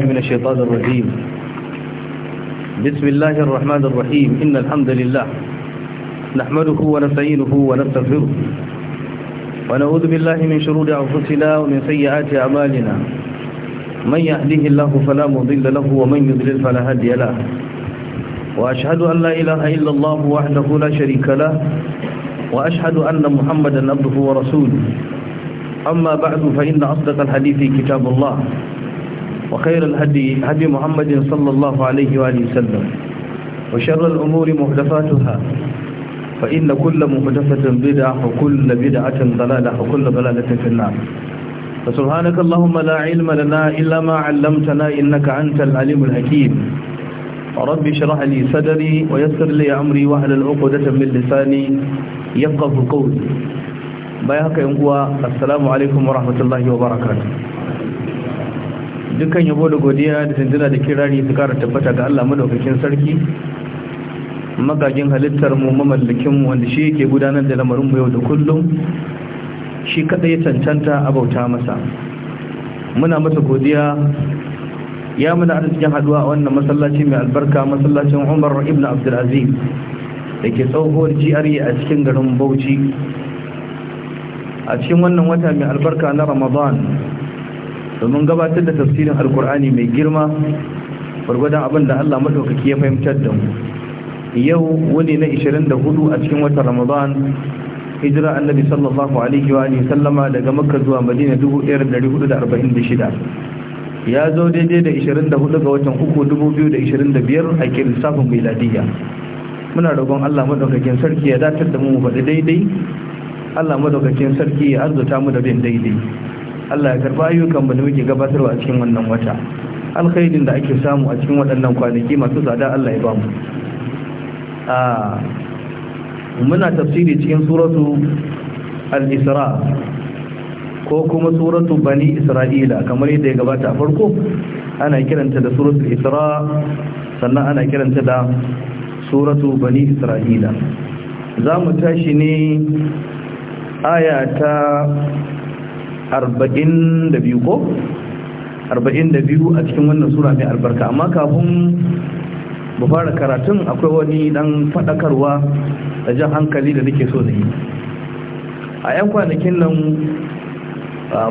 من الشيطان الرجيم بسم الله الرحمن الرحيم إن الحمد لله نحمده ونستعينه ونستغفره ونعوذ بالله من شرور أنفسنا ومن سيئات أعمالنا من يهديه الله فلا مضل له ومن يضلل فلا هادي له وأشهد أن لا إله إلا الله وحده لا شريك له وأشهد أن محمدا عبده ورسوله أما بعد فإن أصدق الحديث كتاب الله وخير الهدي هدي محمد صلى الله عليه وآله وسلم وشر الأمور محدثاتها فإن كل محدثة بدعة وكل بدعة ضلالة وكل ضلالة في النار فسبحانك اللهم لا علم لنا إلا ما علمتنا إنك أنت العليم الحكيم ربي اشرح لي صدري ويسر لي أمري واحلل العقدة من لساني يفقه قولي بايعك ينقوى السلام عليكم ورحمة الله وبركاته dukkan yabo da godiya da tantana da kirari su kara tabbata ga Allah madaukakin sarki magagin halittar mu mamallakin mu wanda shi yake gudanar da lamarin mu yau da kullum shi kadai tantanta abauta masa muna masa godiya ya muna arzikin haduwa a wannan masallaci mai albarka masallacin Umar ibn Abdul Aziz dake tsohuwar GRA a cikin garin Bauchi a cikin wannan wata mai albarka na Ramadan domin gabatar da tafsirin alkur'ani mai girma gwargwadon abin da Allah maɗaukaki ya fahimtar da mu yau wani na 24 a cikin watan ramadan hijira annabi sallallahu alaihi wa sallama daga makka zuwa madina 1446 ya zo daidai da 24 ga watan 3 2025 a safin miladiya muna roƙon Allah maɗaukakin sarki ya datar da mu faɗi daidai Allah madaukakin sarki ya arzuta mu da bin daidai Allah ya karba ayyukan mu da muke gabatarwa a cikin wannan wata alkhairin da ake samu a cikin waɗannan kwanaki masu tsada Allah ya ba mu a muna tafsiri cikin suratu al-isra ko kuma suratu bani isra'ila kamar yadda ya gabata a farko ana kiranta da suratu isra sannan ana kiranta da suratu bani isra'ila za mu tashi ne aya ta arba'in da ko arba'in a cikin wannan sura mai albarka amma kafin mu fara karatun akwai wani dan faɗakarwa da jan hankali da nake so na yi a 'yan kwanakin nan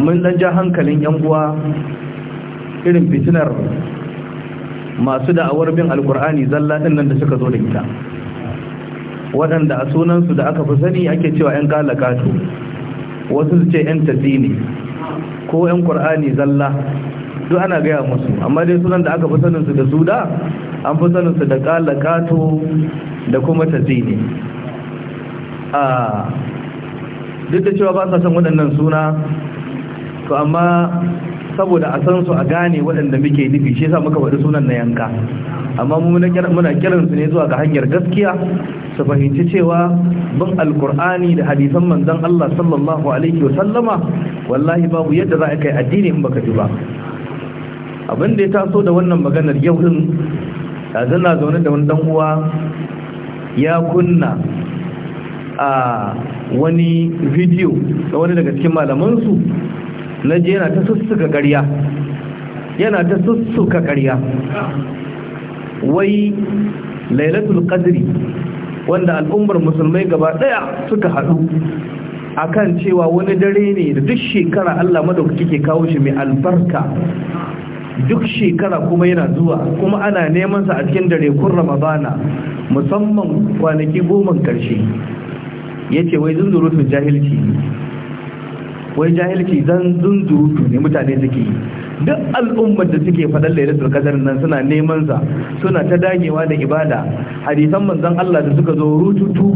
mun dan ja hankalin 'yan uwa irin fitinar masu da'awar bin alkur'ani zalla din nan da suka zo da ita waɗanda a sunansu da aka fi sani ake cewa 'yan kalakatu wasu su ce yan tafi ne ko yan ƙur'ani zalla duk ana gaya musu amma dai sunan da aka fi saninsu da su da an fi saninsu da ƙala kato da kuma tafi a duk da cewa ba sa son waɗannan suna to amma saboda a san su a gane waɗanda muke nufi shi sa muka faɗi sunan na yanka amma muna kiransu ne zuwa ga hanyar gaskiya su fahimci cewa bin alkur'ani da hadisan manzon Allah sallallahu alaihi wasallama wallahi babu yadda za a kai addini in baka ji ba abin da ya taso da wannan maganar yau din yanzu na zaune da wani dan uwa ya kunna a wani bidiyo da wani daga cikin malamansu na je yana ta sussuka ƙarya yana ta sussuka ƙarya wai lailatul qadri wanda al'ummar musulmai gaba daya suka haɗu kan cewa wani dare ne da duk shekara Allah madauki ke kawo shi mai albarka duk shekara kuma yana zuwa kuma ana neman sa a cikin dare kun ramadana musamman kwanaki goma karshe yace wai zunzurutun jahilci wai jahilci zan zunzurutu ne mutane suke duk al'ummar da suke faɗar lailatul qadar nan suna neman sa suna ta dagewa da ibada hadisan manzon Allah da suka zo rututu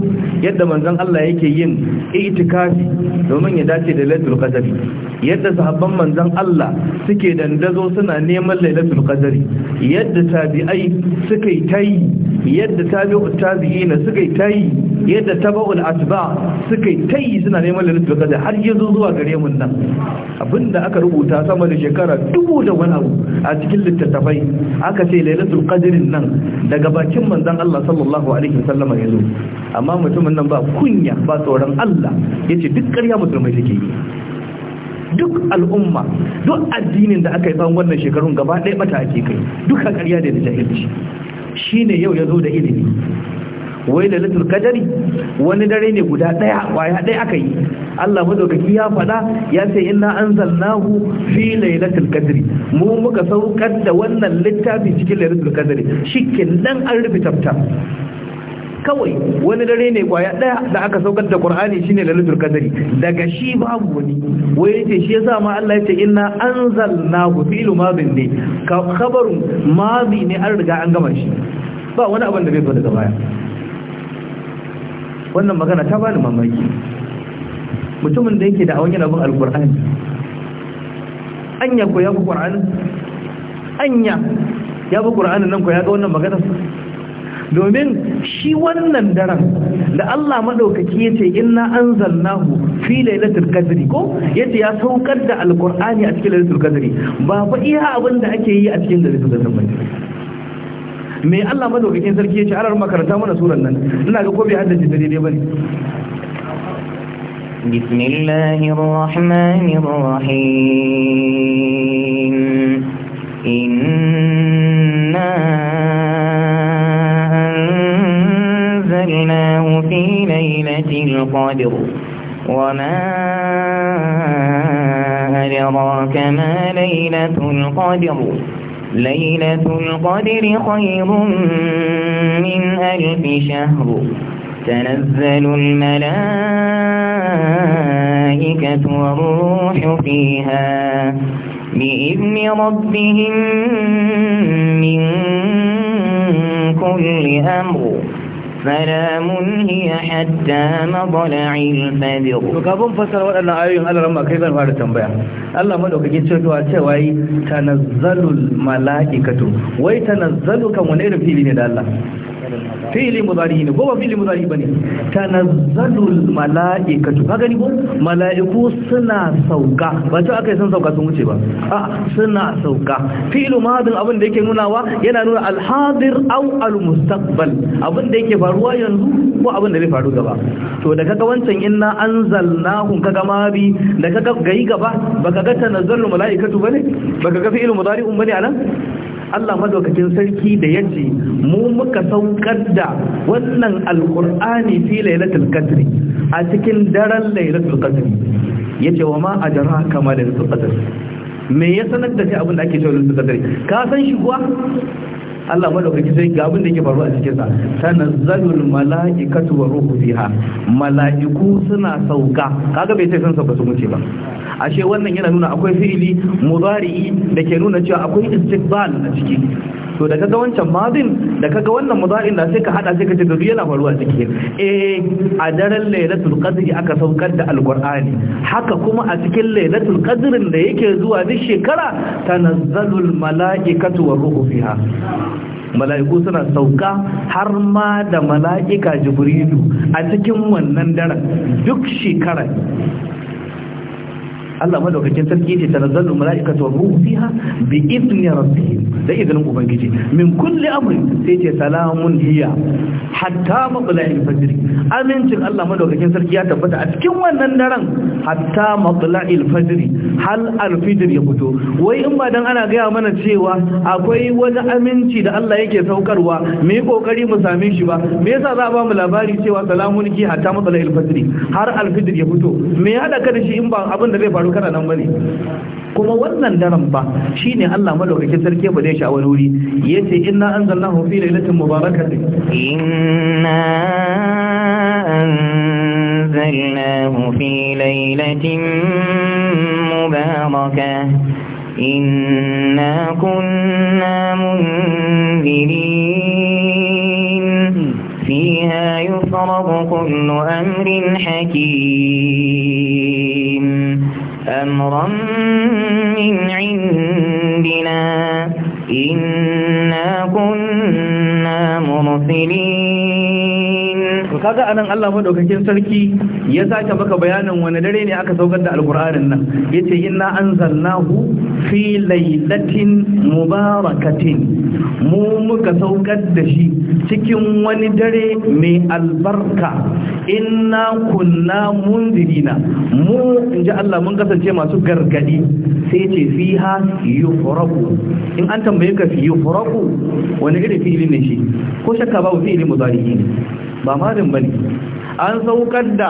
yadda manzon Allah yake yin itikafi domin ya dace da lailatul qadari yadda sahabban manzon Allah suke dandazo suna neman lailatul qadari yadda tabi'ai suka yi tayi yadda tabi'u tabi'ina suka yi tayi yadda tabaul atba suka yi tayi suna neman lailatul qadari har yanzu zuwa gare mu nan abinda aka rubuta sama da shekara dubu da wani abu a cikin littattafai aka ce lailatul qadrin nan daga bakin manzon Allah Allah sallallahu alaihi wasallam ya zo amma mutumin nan ba kunya ba tsoron Allah yace duk ƙarya musulmai take yi duk al'umma duk addinin da aka yi ban wannan shekarun gaba ɗaya bata ake kai duka ƙarya da jahilci shine yau ya zo da ilimi wai da latul kadari wani dare ne guda daya waya daya aka yi Allah madaukaki ya faɗa ya ce inna anzalnahu fi lailatul kadri mu muka saukar da wannan littafi cikin lailatul kadri shikin dan an rufe tafta kawai wani dare ne kwaya daya da aka saukar da Qur'ani shine lailatul kadri daga shi babu wani wai yace shi yasa ma Allah yace inna anzalnahu fi lumadin ne khabarun madi ne an riga an gama shi ba wani abin da bai zo daga baya wannan magana ta bani mamaki mutumin da yake da awon yana bin alkur'ani anya ko ya bi qur'ani anya ya bi qur'ani nan ko ya ga wannan magana domin shi wannan daren da Allah madaukaki yace inna anzalnahu fi lailatul qadr ko yace ya saukar da alkur'ani a cikin lailatul qadr ba fa iya abin da ake yi a cikin lailatul ba. me Allah madaukakin sarki yace ce ana makaranta mana suran nan ina ga ko bai haddace dare dai bane بسم الله الرحمن الرحيم إنا أنزلناه في ليلة القدر وما أدراك ما ليلة القدر ليلة القدر خير من ألف شهر تنزل الملائكة والروح فيها بإذن ربهم من كل أمر سلام هي حتى مطلع الفجر to kafin fasara waɗannan ayoyin Allah ran kai zan fara tambaya Allah ne fili mudari ne malaikatu ka gani ko malaiku suna sauka ba ta sun sauka sun wuce ba a suna sauka fili mahadin abin da yake nunawa yana nuna alhadir al almustaqbal abin da yake faru faruwa yanzu ko abin da zai faru gaba to da kaga wancan inna anzalnahu kaga bi da kaga gai gaba baka ga tanazzalul malaikatu bane baka ga fi'il mudari'un bane anan Allah madaukakin sarki da yace mu muka saukar da wannan alqur'ani fi lailatul qadr a cikin daren lailatul qadr yace wa ma ajraka kamalul qadr me ya sanar da shi abin da ake cewa lailatul qadr ka san shi kuwa Allah madaukaki sai ga abin da yake faruwa a cikin sa tanazzalul malaikatu wa ruhu fiha malaiku suna sauka kaga bai sai san sauka ba ashe wannan yana nuna akwai fi'ili mudari da ke nuna cewa akwai istiqbal a ciki to da ga wancan madin da kaga wannan mudari'in da sai ka hada sai ka ce yana faruwa ciki eh a daren lailatul qadri aka saukar da alqur'ani haka kuma a cikin lailatul qadrin da yake zuwa duk shekara tanazzalul malaikatu wa ruhu fiha mala'iku suna sauka har ma da mala'ika jibrilu a cikin wannan daren duk shekarar Allah madaukakin sarki ce tanazzalu mala'ikatu wa ruhu fiha bi idni rabbihim da idnin ubangiji min kulli amrin sai ce salamun hiya hatta matla'il fajr amincin Allah madaukakin sarki ya tabbata a cikin wannan daren hatta matla'il fajr hal alfijr ya fito wai in ba dan ana gaya mana cewa akwai wani aminci da Allah yake saukarwa Me yi kokari mu same shi ba me yasa za a ba mu labari cewa salamun ki hatta matla'il fajr har alfijr ya fito me ya da ka shi in ba abin da zai faru faru kana nan bane kuma wannan daren ba shine Allah madaukakin sarki ba dai shi a wani wuri yace inna anzalnahu fi lailatin mubarakatin inna anzalnahu fi lailatin mubarakah إنا كنا منذرين فيها يفرض كل أمر حكيم أمرا من عندنا إنا كنا مرسلين kaga anan Allah madaukakin sarki ya sake maka bayanin wani dare ne aka saukar da alkur'anin nan yace inna anzalnahu fi laylatin mubarakatin mu muka saukar da shi cikin wani dare mai albarka inna kunna mundirina mu inji Allah mun kasance masu gargadi sai ce fiha yufraku in an tambaye ka fi yufraku wani irin fili ne shi ko shakka babu fi'ili mudari ne ba bane an saukar da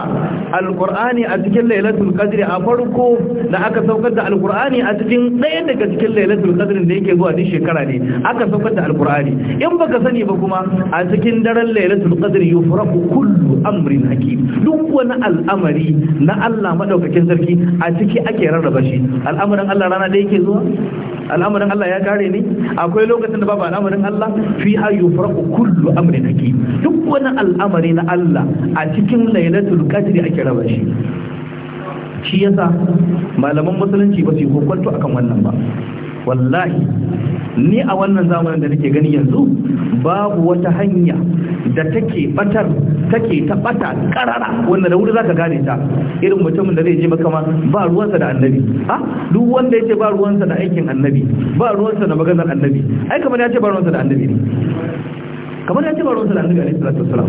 alkur'ani a cikin lailatul qadri a farko da aka saukar da alkur'ani a cikin ɗaya daga cikin lailatul qadri da yake zuwa duk shekara ne aka saukar da alkur'ani in baka sani ba kuma a cikin daren lailatul qadri yufraku kullu amrin hakim duk wani al'amari na Allah madaukakin sarki a ciki ake rarraba shi al'amarin Allah rana da yake zuwa al'amarin Allah ya kare ni akwai lokacin da babu al'amarin Allah fi ha yufraku kullu amri naki duk wani al'amari na Allah a cikin lailatul qadri ake raba shi shi yasa malaman musulunci ba su yi kokonto akan wannan ba wallahi ni a wannan zamanin da nake gani yanzu babu wata hanya da take batar take ta bata karara wanda da wuri zaka gane ta irin mutumin da zai je maka ma ba ruwansa da annabi ha ah, duk wanda yake ba ruwansa da aikin annabi ba ruwansa da maganar annabi ai kamar ya ce ba ruwansa da annabi ne kamar ya ce ba ruwansa da annabi alaihi salatu wassalam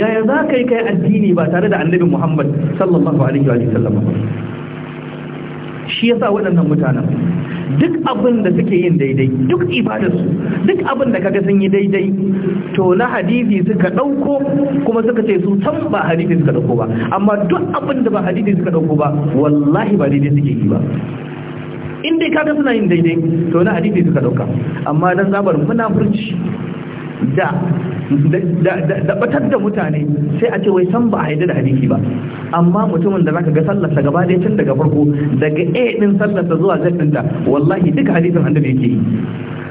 yaya za ka yi kai addini ba tare da annabi muhammad sallallahu alaihi wa sallam shi yasa waɗannan mutanen duk abin da suke yin daidai duk ibadarsu duk abin da kaga sun yi daidai to na hadisi suka dauko kuma suka ce su san ba hadisi suka dauko ba amma duk abin da ba hadisi suka dauko ba wallahi ba daidai suke yi ba in dai kaga suna yin daidai to na hadisi suka dauka amma dan zabar munafurci da da batar da mutane sai a ce wai san ba a yi da hadisi ba amma mutumin da zaka ga sallarsa gaba ɗaya tun daga farko daga a din sallarsa zuwa z ta wallahi duka hadisin da yake yi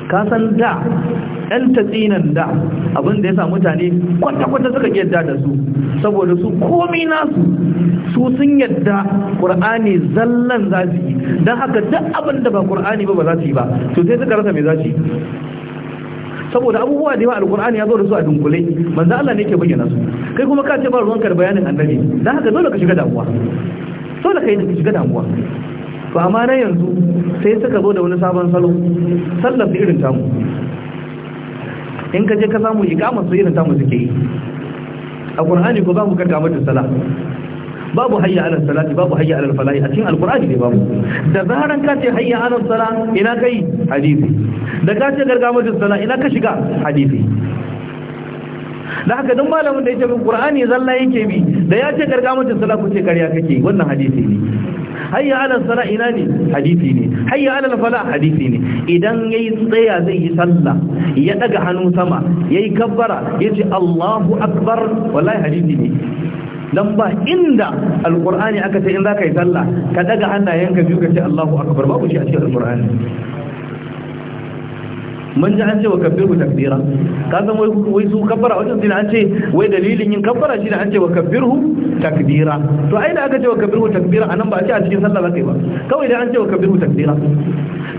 ka san da ɗan tatsinan da abin da ya sa mutane kwata-kwata suka yadda da su saboda su komi nasu su sun yadda ƙur'ani zallan za su yi don haka duk abin da ba ƙur'ani ba ba za su yi ba to sai suka rasa mai za su yi saboda abubuwa da yawa alkur'ani ya zo da su a dunkule manzo Allah ne yake bayyana su kai kuma ka ce ba ruwanka da bayanin annabi dan haka dole ka shiga damuwa dole kai ka shiga damuwa to amma na yanzu sai suka zo da wani sabon salo sallar su irin tamu in ka je ka samu iqamar su irin tamu suke yi a ko ba mu karkamar da sallah babu hayya ala salati babu hayya ala falahi a cikin alqur'ani ne babu da zaharan ka ce hayya ala sala ina kai hadisi da ka ce gargamatu sala ina ka shiga hadisi da haka duk malamin da ya tafi qur'ani zalla yake bi da ya ce gargamatu sala ku ce kariya kake wannan hadisi ne hayya ala sala ina ne hadisi ne hayya ala fala hadisi ne idan yayi tsaya zai yi sallah ya daga hannu sama yayi kabbara yace Allahu akbar wallahi hadisi ne dan ba inda alqur'ani aka ce in zaka yi sallah ka daga hannayenka biyu ka ce Allahu akbar babu shi a cikin alqur'ani mun ji an ce wa kabbiru takbira ka san wai wai su kabbara wajen sai an ce wai dalilin yin kabbara shi ne an ce wa kabbiru takbira to ai da aka ce wa kabbiru takbira anan ba a ce a cikin sallah kai ba kawai dai an ce wa kabbiru takbira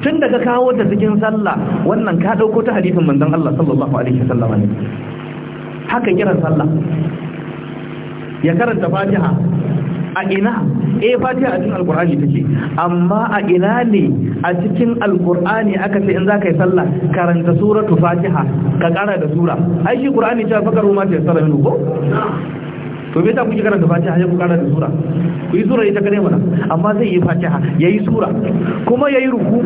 tun daga kawo ta cikin sallah wannan ka dauko ta hadisin manzon Allah sallallahu alaihi wasallam ne haka kiran sallah ya karanta fatiha a ina eh fatiha a cikin alkur'ani take amma a ina ne a cikin alkur'ani aka ce in zaka yi sallah karanta suratu fatiha ka kara da sura ai shi qur'ani ta fakaru ma ta sarrafa ko to me yasa kuke karanta fatiha ya ku kara da sura ku yi sura ita kare mana amma zai yi fatiha yayi sura kuma yayi ruku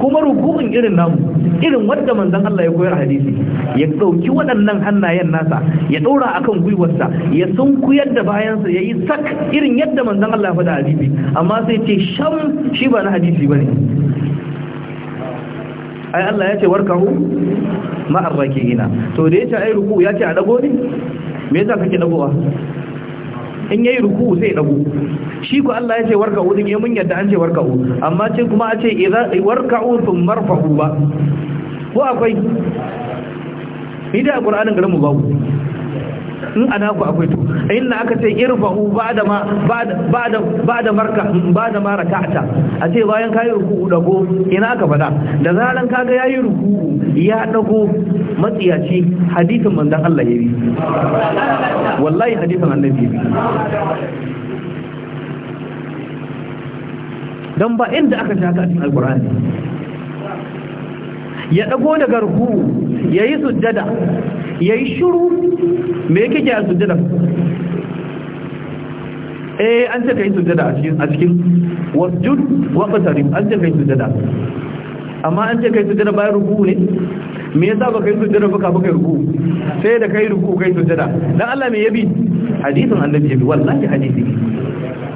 kuma rukun irin namu irin wanda manzon Allah ya koyar hadisi ya dauki waɗannan hannayen nasa ya daura akan gwiwarsa ya sunkuyar da bayansa yayi sak irin yadda manzon Allah ya faɗa hadisi amma sai ce sham shi ba na hadisi bane ai Allah ya ce warkahu ma'arraki'ina to da yace ai ruku ya ce a dago ne me yasa kake dagowa in yayi ruku sai dago shi ko Allah ya ce warka'u din eh mun yadda an ce warka'u amma ce kuma a ce idza warka'u thumma marfa'u ba ko akwai idan Qur'anin garin mu babu in ana ku akwai to inna aka ce irfa'u ba'da ma ba'da ba'da marka ba'da ma raka'ata a ce bayan kai ruku'u dago ina aka fada da zaran kaga yayi ruku'u ya dago matsiyaci hadisin manzon Allah yayi wallahi hadisin annabi yayi don ba inda aka shaka cikin alqur'ani ya dago daga ruku'u ya yi sujjada yi shiru me yake ke a sujada? eh an ce yi sujada a cikin a cikin wasjud an ce ka yi sujada? amma an ce ka yi sujada bayan rubu ne me yasa ba kai yi ba baka baka ruku sai da kai ruku kai sujada? don Allah me yabi hadisun annabi yabi wallahi hadisi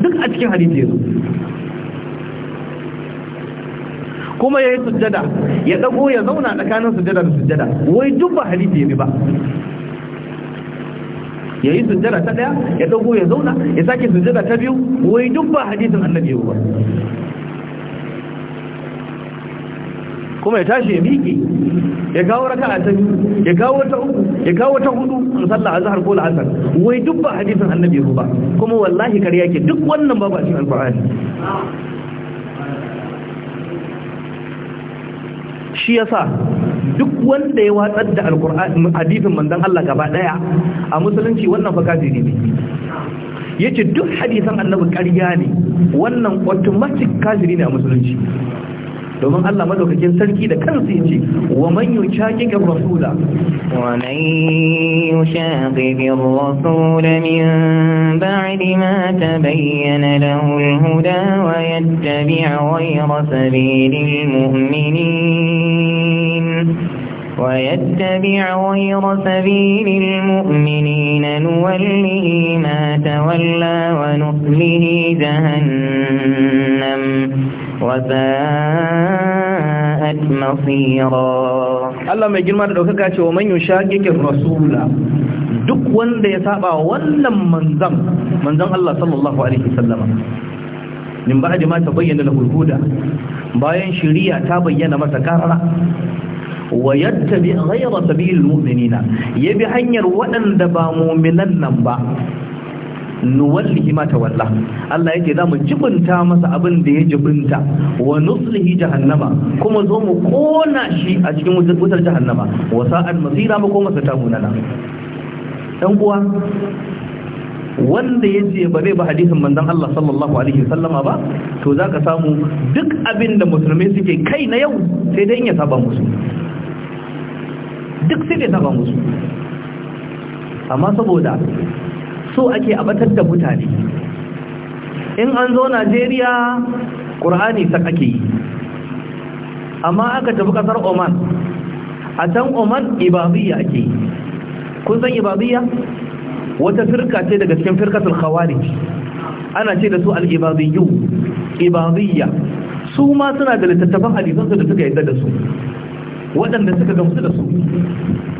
duk a cikin hadisi yanzu. kuma ya yi sujjada ya ɗago ya zauna tsakanin sujjada da sujjada wai duk ba hadisi ya bi ba ya yi sujjada ta ɗaya, ya ɗago ya zauna ya sake sujjada ta biyu wai duk ba hadisin annabi ya ba kuma ya tashi ya miƙe ya kawo raka a tafi ya kawo ta uku ya kawo ta hudu in sallah azhar ko la'asar wai duk ba hadisun annabi ruba ba kuma wallahi kariya ke duk wannan babu a cikin alqur'ani shi yasa duk wanda ya watsar da alkur'ani hadisin manzon Allah gaba daya a musulunci wannan fa kafiri ne yace duk hadisan annabi ƙarya ne wannan automatic kafiri ne a musulunci domin Allah madaukakin sarki da kansa yace wa man yushaqiqi rasula wa man yushaqiqi rasula min ba'di ma tabayyana lahu al-huda wa yattabi'u ghayra sabilil mu'minin ويتبع غير سبيل المؤمنين نوله ما تولى ونصله جهنم وساءت كانت مصيرا الله ما يجرم هذا دوكاكا ومن يشاكك rasula, duk wanda ya saba wannan manzan manzan Allah sallallahu alaihi wasallama min jama'a ta bayyana lahu huda bayan shari'a ta bayyana masa karara wa yattabi ghayra sabilil mu'minina yabi hanyar waɗanda ba mu'minan nan ba nuwallihi ma tawalla Allah yake zamu jibinta masa abin da ya jibinta wa nuslihi jahannama kuma zo mu kona shi a cikin wutar jahannama wa sa'an masira mu koma mu munana dan uwa wanda ya je ba zai ba hadisin manzon Allah sallallahu alaihi wasallama ba to zaka samu duk abin da musulmai suke kai na yau sai dai in ya saba musu duk sai dai saba musu amma saboda so ake abatar da mutane in an zo najeriya ƙur'ani sak ake yi amma aka tafi ƙasar oman a can oman ibabiyya ake yi kun san ibabiyya wata firka ce daga cikin firkatul khawarij ana ce da su al-ibabiyyu ibabiyya su ma suna da littattafan hadisan da suka yadda da su waɗanda suka gamsu da su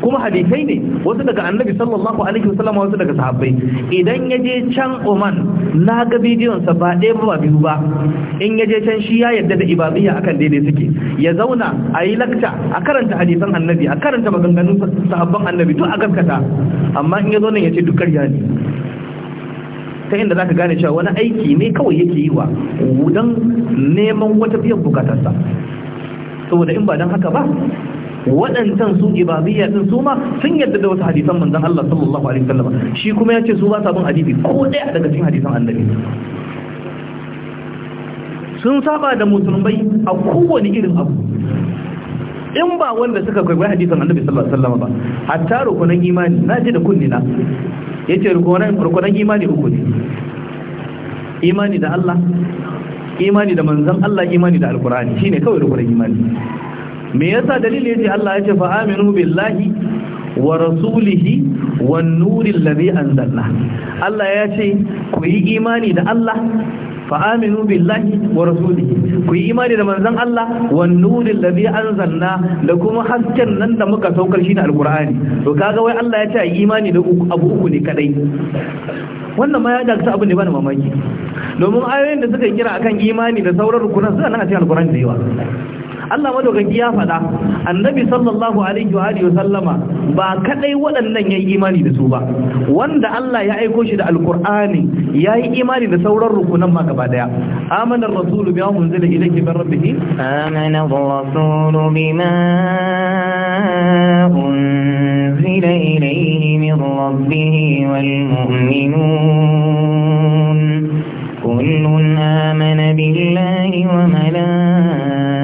kuma hadisai ne wasu daga annabi sallallahu alaihi wasallam wasu daga sahabbai idan ya je can Oman na ga bidiyon sa ba ɗaya ba biyu ba in ya je can shi ya yarda da ibadiyya akan daidai suke ya zauna a yi lakta a karanta hadisan annabi a karanta maganganun sahabban annabi to a gaskata amma in ya zo nan ya ce duk ƙarya ne ta inda zaka gane cewa wani aiki ne kawai yake yi wa don neman wata biyan bukatarsa saboda in ba don haka ba waɗancan su ibadiyya din su ma sun yadda da wasu hadisan manzon Allah sallallahu alaihi wasallam shi kuma yace su ba sa bin hadisi ko ɗaya daga cikin hadisan annabi sun saba da musulmai a kowane irin abu in ba wanda suka kwaikwayi hadisan annabi sallallahu alaihi wasallam ba hatta rukunan imani na ji da kunni na yace rukunan rukunan imani uku ne imani da Allah imani da manzon Allah imani da alqur'ani shine kawai rukunan imani me yasa dalili yace Allah yace fa aminu billahi wa rasulihi wan nuril ladhi anzalna Allah yace ku yi imani da Allah fa aminu billahi wa rasulihi ku yi imani da manzon Allah wan nuril ladhi anzalna da kuma hasken nan da muka saukar shi da alqur'ani to kaga wai Allah yace yi imani da abu uku ne kadai wannan ma ya ne abin da bani mamaki domin ayoyin da suka kira akan imani da sauran rukunan suna nan a cikin alqur'ani da yawa Allah madaukaki ya faɗa annabi sallallahu alaihi wa alihi sallama ba kadai waɗannan yayi imani da su ba wanda Allah ya aiko shi da alqur'ani yayi imani da sauran rukunan ma gaba daya amana ar-rasulu bima unzila ilayhi min rabbih amana ar-rasulu bima unzila ilayhi min rabbih wal mu'minun kullun amana billahi wa malaikatihi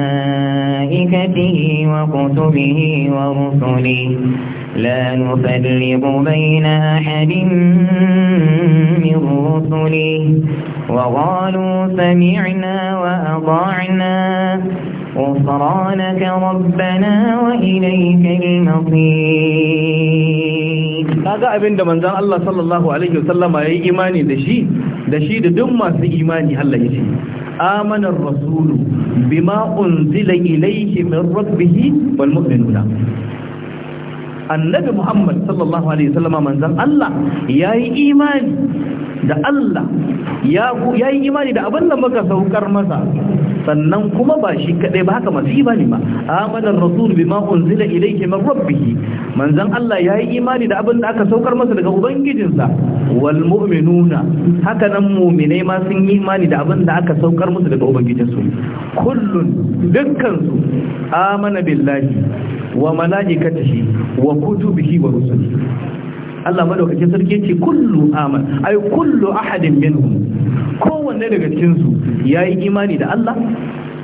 آياته وكتبه ورسله لا نفرق بين أحد من رسله وقالوا سمعنا وأطعنا غفرانك ربنا وإليك المصير kaga abin da manzan Allah sallallahu alaihi wasallama yayi imani da shi da shi da duk masu imani Allah yace amana ar-rasulu bima unzila ilayhi min rabbih wal mu'minuna annabi Muhammad sallallahu alaihi wasallama manzan Allah yayi imani da Allah ya yi imani da abin da muka saukar masa sannan kuma ba shi kaɗai ba haka masu imani ba amanar rasul bima unzila ilayka min rabbih manzan Allah ya yi imani da abin da aka saukar masa daga ubangijinsa wal mu'minuna haka nan mu'minai ma sun yi imani da abin da aka saukar masa daga ubangijinsu kullun dukkansu su amana billahi wa malaikatihi wa kutubihi wa rusulihi Allah madaukakin sarki ce kullu aman ai kullu ahadin minhum kowanne daga cikin su yayi imani da Allah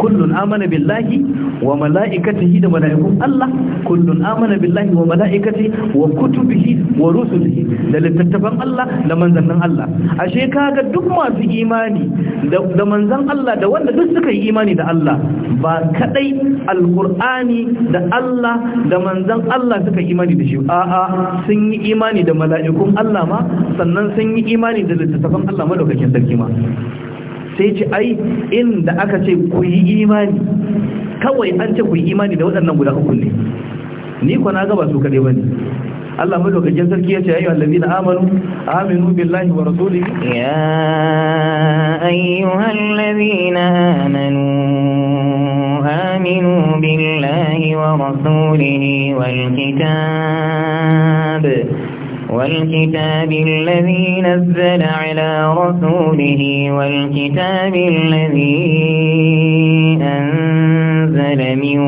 kullun amana billahi wa mala'ikatihi da mala'ikun Allah kullun amana billahi wa mala'ikatihi wa kutubihi wa rusulihi da littattafan Allah da manzannin Allah ashe kaga duk masu imani da manzan Allah da wanda duk suka yi imani da Allah ba kadai alqur'ani da Allah da manzan Allah suka yi imani da shi a'a sun yi imani da mala'ikun Allah ma sannan sun yi imani da littattafan Allah madaukakin sarki ma sai ce ai inda aka ce ku yi imani kawai an ce ku yi imani da waɗannan guda uku ne ni ko na gaba su kaɗai ba ne mai lokacin sarki ya ce ya yi na amanu aminu billahi wa rasulihi ya ayyuhan lazina amanu aminu billahi wa rasulihi wal kitab والكتاب الذي نزل على رسوله والكتاب الذي أنزل من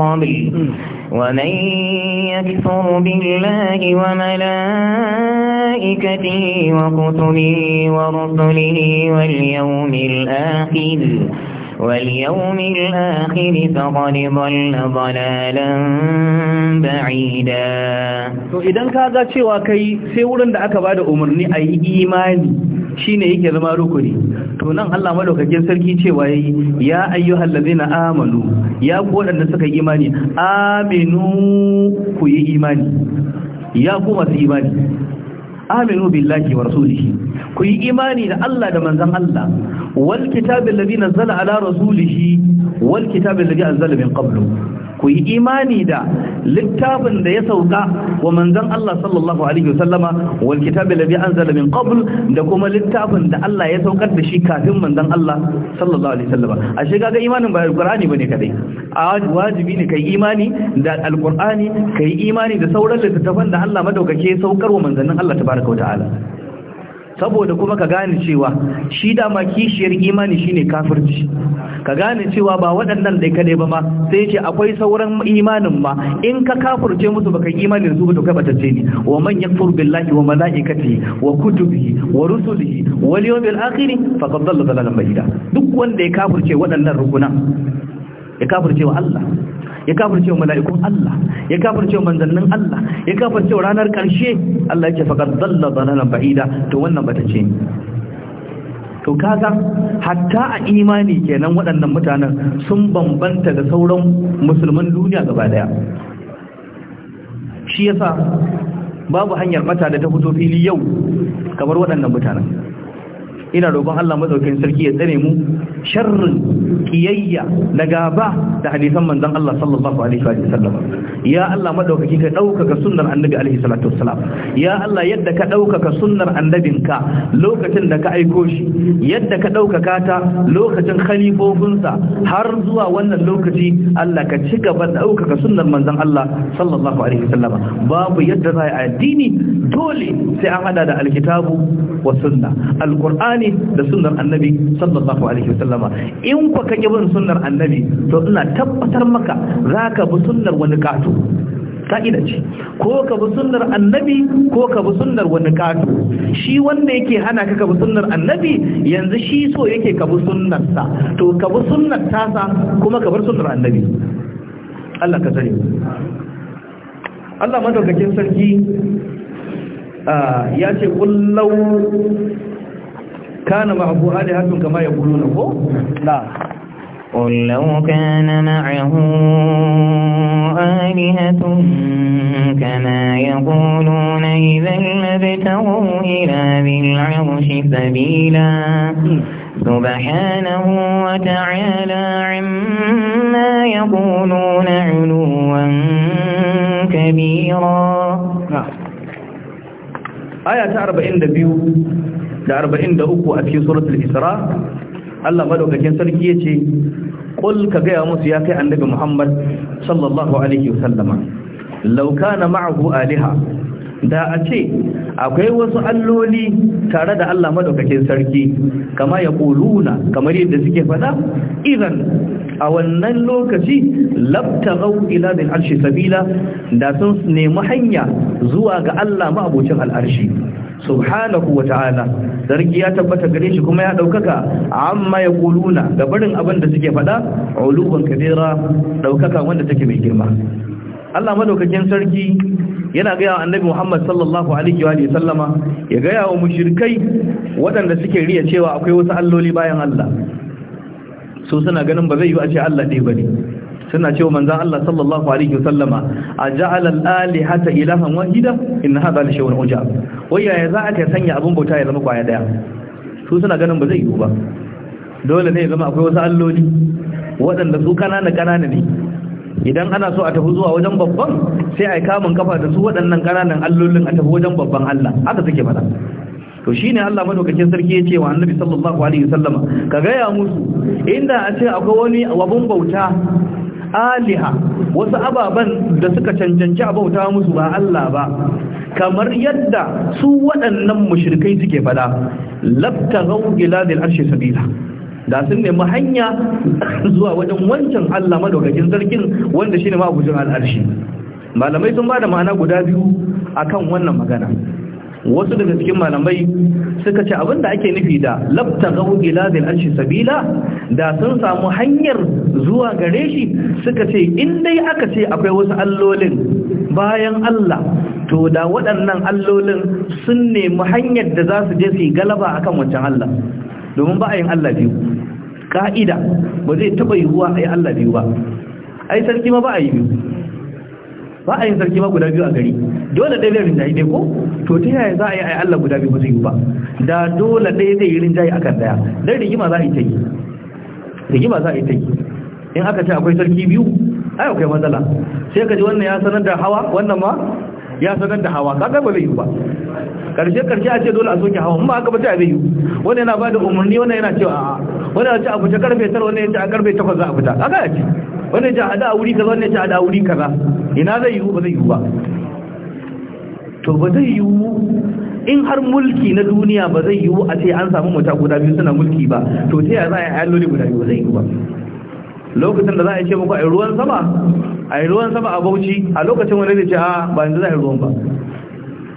قبل ومن يكفر بالله وملائكته وكتبه ورسله واليوم الآخر واليوم الآخر فقد ضل ضلالا بعيدا to idan ka ga cewa kai sai wurin da aka da umarni a yi imani shine yake zama rukuni to nan Allah madaukakin sarki cewa yayi ya ayyuhal ladina amanu ya ku wadanda suka yi imani aminu ku yi imani ya ku masu imani aminu billahi wa rasulihi ku yi imani da Allah da manzon Allah wal kitabil ladhi nazzala ala rasulihi wal kitabil ladhi anzala min qablu ku yi imani da littafin da ya sauka wa manzan Allah sallallahu alaihi wasallama wal kitabi alladhi anzala min da kuma littafin da Allah ya saukar da shi kafin manzan Allah sallallahu alaihi wasallama ashe kaga imanin ba alqur'ani kadai wajibi ne yi imani da ka yi imani da sauran littattafan da Allah madaukake ya saukar wa manzannin Allah tabaraka wa ta'ala saboda kuma ka gane cewa shi dama kishiyar imani shine kafirci ka gane cewa ba waɗannan da kade ba ma sai ce akwai sauran imanin ma in ka kafirce musu baka imani da su to kai batacce ne wa man yakfur billahi wa malaikatihi wa kutubihi wa rusulihi wal yawmil akhir faqad dalla dalalan bayyida duk wanda ya kafirce waɗannan rukunan ya kafirce wa Allah ya kafirce wa mala'ikun Allah ya kafirce wa manzannin Allah ya kafirce wa ranar ƙarshe, Allah ya ce zalla dalla dalalan ba'ida to wannan bata ce to kaga hatta a imani kenan waɗannan mutanen sun bambanta da sauran musulman duniya gaba daya shi yasa babu hanyar bata da ta fito fili yau kamar waɗannan mutanen ina roƙon Allah madaukakin sarki ya tsare mu sharrin kiyayya na gaba da hadisan manzon Allah sallallahu alaihi wa sallam ya Allah madaukaki ka daukaka sunnar annabi alaihi salatu wassalam ya Allah yadda ka daukaka sunnar annabinka lokacin da ka aiko shi yadda ka daukaka ta lokacin khalifofinsa har zuwa wannan lokaci Allah ka ci gaba da daukaka sunnar manzon Allah sallallahu alaihi wa babu yadda za a addini dole sai an hada da alkitabu wa sunna alqur'ani ne da sunnar annabi sallallahu alaihi wasallama in ku ka bin sunnar annabi to ina tabbatar maka zaka bi sunnar wani kato ka'ida ce ko ka bi sunnar annabi ko ka bi sunnar wani kato shi wanda yake hana ka ka bi sunnar annabi yanzu shi so yake ka bi sunnar sa to ka bi sunnar ta sa kuma ka bar sunnar annabi Allah ka sani Allah madaukakin sarki ah, ya ce kullau كان معه آلهة كما يقولون هو لا قل لو كان معه آلهة كما يقولون إذا لابتغوا إلى ذي العرش سبيلا سبحانه وتعالى عما يقولون علوا كبيرا نعم. آية بيو da arba'in da uku a cikin suratul isra Allah madaukakin sarki yace qul ka gaya musu ya kai annabi Muhammad sallallahu alaihi wasallama law kana ma'ahu aliha da a ce akwai wasu alloli tare da Allah madaukakin sarki kama ya kuluna kamar yadda suke fada idan a wannan lokaci labtaghaw ila bil arshi sabila da sun nemi hanya zuwa ga Allah ma'abucin al'arshi subhanahu wa ta'ala sarki ya tabbata gare shi kuma ya daukaka amma ya kuluna ga barin abin da suke faɗa uluwan kabira daukaka wanda take mai girma Allah madaukakin sarki yana gaya wa annabi Muhammad sallallahu alaihi wa sallama ya gaya wa mushrikai waɗanda suke riya cewa akwai wasu alloli bayan Allah so suna ganin ba zai yi a ce Allah ɗaya bane suna cewa manzan Allah sallallahu alaihi wasallama a ja'ala al-alihata ilahan wahida in hada la shay'un ujab wai yaya za a ta sanya abin bauta ya zama kwaya daya su suna ganin ba zai yiwu ba dole ne ya zama akwai wasu alloli waɗanda su kanana kanana ne idan ana so a tafi zuwa wajen babban sai a yi kamun kafa da su waɗannan kananan allolin a tafi wajen babban Allah haka take faɗa to shine Allah madaukakin sarki ya ce wa annabi sallallahu alaihi wasallama ka gaya musu inda a ce akwai wani abun bauta aliha wasu ababan da suka cancanci a bauta musu ba Allah ba kamar yadda su waɗannan mushrikai suke fada labtaghaw ila dil arshi sabila da sun nemi hanya zuwa wajen wancan Allah madaukakin sarkin wanda shine ma abujin al'arshi malamai sun bada ma'ana guda biyu akan wannan magana wasu daga cikin malamai suka ce abinda ake nufi da labtaghaw ila dil arshi sabila da sun samu hanyar zuwa gare shi suka ce in dai aka ce akwai wasu allolin bayan Allah to da waɗannan allolin sun nemi hanyar da za su je su yi galaba a kan wancan Allah domin ba a yin Allah biyu ka'ida ba zai taɓa yiwuwa a yi Allah biyu ba ai sarki ma ba a yi biyu ba a yin sarki ma guda biyu a gari dole ɗaya zai rinjaye ne ko to ta yaya za a yi a yi Allah guda biyu ba zai yi ba da dole ɗaya zai yi rinjaye a kan ɗaya don rigima za a yi ta yi rigima za a yi ta yi in aka ce akwai sarki biyu ai akwai matsala sai ka ji wannan ya sanar da hawa wannan ma ya sanar da hawa kaga ba zai yi ba karshe karshe a ce dole a soke hawa amma aka ba zai yi wani yana ba da umarni wani yana cewa a'a wani yana ce a fita karfe tara wani yana ce a karfe takwas za a fita kaga ya ce wani ya ce a da wuri kaza wani ya ce a da wuri kaza ina zai yi ba zai yi ba to ba zai yi in har mulki na duniya ba zai yi a ce an samu mata guda biyu suna mulki ba to sai a za a yi ne guda biyu ba zai yi ba lokacin da za a yi ce muku a yi ruwan sama a yi ruwan sama a bauchi a lokacin wani zai ce a ba yanzu za a ruwan ba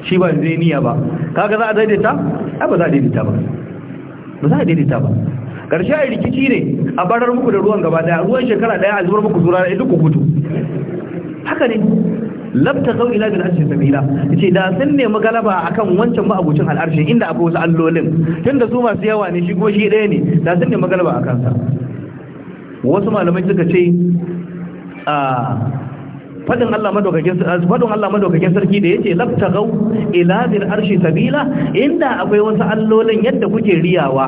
shi ba zai niya ba kaga za a daidaita a ba za a daidaita ba ba za a daidaita ba karshe a rikici ne a barar muku da ruwan gaba daya ruwan shekara daya a zubar muku zura duk ku hutu haka ne labta zau ila bil arshi sabila yace da sun ne galaba akan wancan ma'abucin al'arshi inda akwai wasu allolin tunda su masu yawa ne shi kuma shi ɗaya ne da sun ne galaba akan sa wasu malamai suka ce a fadin Allah madaukakin fadin Allah madaukakin sarki da yace labtagau ila bil arshi sabila inda akwai wasu allolin yadda kuke riyawa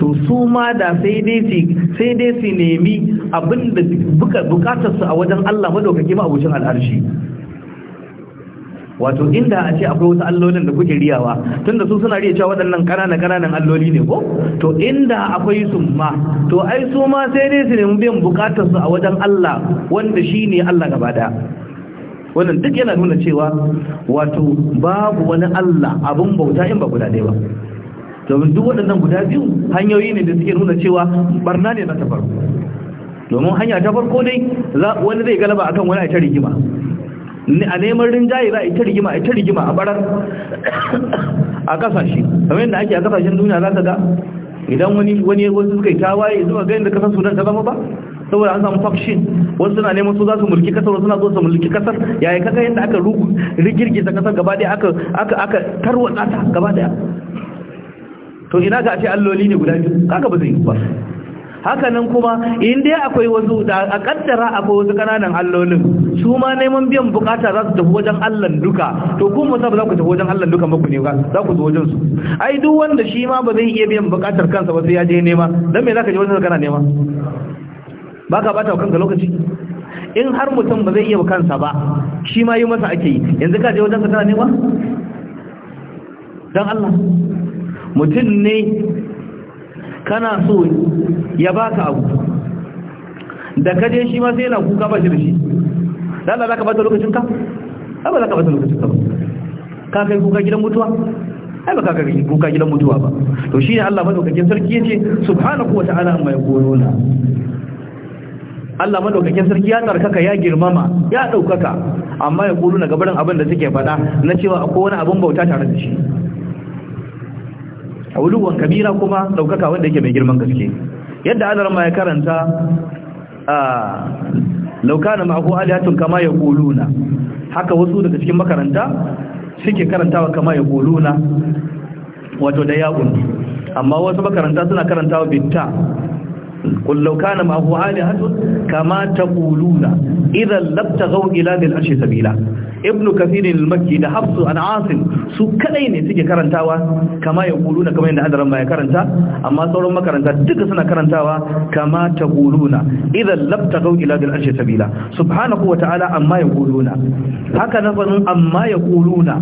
to su ma da sai dai su sai dai su nemi abinda bukatarsu a wajen Allah madaukakin ma abucin al'arshi wato inda a ce akwai wasu allolin da kuke riyawa tunda su suna riya cewa waɗannan ƙananan ƙananan alloli ne ko to inda akwai su ma to ai su ma sai dai su nemi biyan bukatar su a wajen Allah wanda shi ne Allah gaba daya wannan duk yana nuna cewa wato babu wani Allah abun bauta in ba guda ɗaya ba domin duk waɗannan guda biyu hanyoyi ne da suke nuna cewa barna ne na ta farko domin hanya ta farko dai wani zai galaba akan wani a ta rigima a neman rinjaye za a ita rigima ita rigima a barar a kasashe kamar yadda ake a kasashen duniya za ta ga idan wani wani wasu suka yi tawaye zuwa ga yadda kasar sudan ta zama ba saboda an samu fakshin wasu suna neman su za su mulki kasar wasu suna zo su mulki kasar yayi kaga yadda aka rigirgita kasar gaba daya aka aka aka tarwatsa ta gaba daya to ina ga a ce alloli ne guda biyu kaka ba zai yi ba hakanan kuma in dai akwai wasu da a kaddara akwai wasu kananan allolin su ma neman biyan bukata za su tafi wajen Allah duka to ku mu ba za ku tafi wajen Allah duka ba ku ne ba za ku zo wajen su ai duk wanda shi ma ba zai iya biyan bukatar kansa ba sai ya je nema dan me za ka je wajen kana nema ba ka bata kanka lokaci in har mutum ba zai iya kansa ba shi ma yi masa ake yi yanzu ka je wajen ka tana nema don Allah mutum ne kana so ya baka abu da ka je shi ma sai yana kuka ba shi da shi Allah za ka bata lokacin ka? ai ba za ka bata lokacin ka ba ka kai kuka gidan mutuwa ai ba ka kai kuka gidan mutuwa ba to shine Allah madaukakin sarki yace subhanahu wata'ala amma yaquluna Allah madaukakin sarki ya tsarkaka ya girmama ya daukaka amma ya kuluna gabarin abin da suke faɗa na cewa akwai wani abin bauta tare da shi uluwan kabira kuma daukaka wanda yake mai girman gaske yadda azar ma ya karanta a laukana ma'ahu aliyatun kama ya kuluna haka wasu daga cikin makaranta suke karantawa kama ya kuluna wato da ya'un amma wasu makaranta suna karantawa bitta قل لو كان معه آلهة كما تقولون إذا لابتغوا إلى ذي العرش سبيلا ابن كثير المكي ده حفص عن عاصم su kadai ne suke karantawa kama ya kuluna kama yadda hadaran ma karanta amma sauran makaranta duka suna karantawa kama kuluna idan labta gau ila bil arshi sabila ta'ala amma ya kuluna haka na amma ya kuluna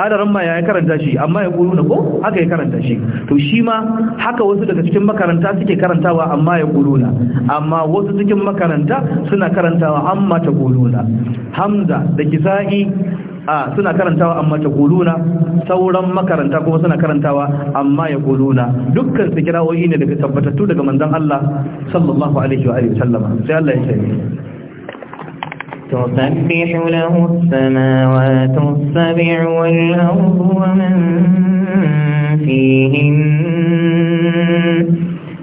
hadaran ma ya karanta shi amma ya kuluna ko haka ya karanta shi to shi ma haka wasu daga cikin makaranta suke karantawa amma amma ya kuluna amma wasu cikin makaranta suna karantawa amma ta kuluna hamza da kisa'i a suna karantawa amma ta kuluna sauran makaranta kuma suna karantawa amma ya kuluna dukkan su wani ne daga tabbatattu daga manzan Allah sallallahu alaihi wa alihi sallama sai Allah ya tsare تسبح له السماوات السبع والأرض ومن فيهن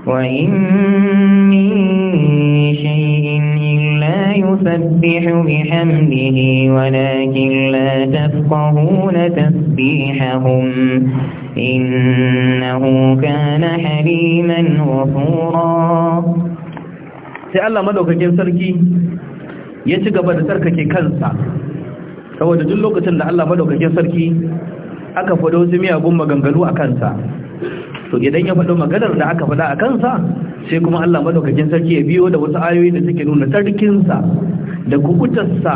وإن من شيء إلا يسبح بحمده ولكن لا تفقهون تسبيحهم إنه كان حليما غفورا sai Allah madaukakin sarki ya ci gaba da tsarkake kansa saboda duk lokacin da Allah madaukakin sarki aka fado su miyagun maganganu a kansa to idan ya faɗo maganar da aka faɗa a kansa sai kuma Allah madaukakin sarki ya biyo da wasu ayoyi da suke nuna sarkinsa da kukutarsa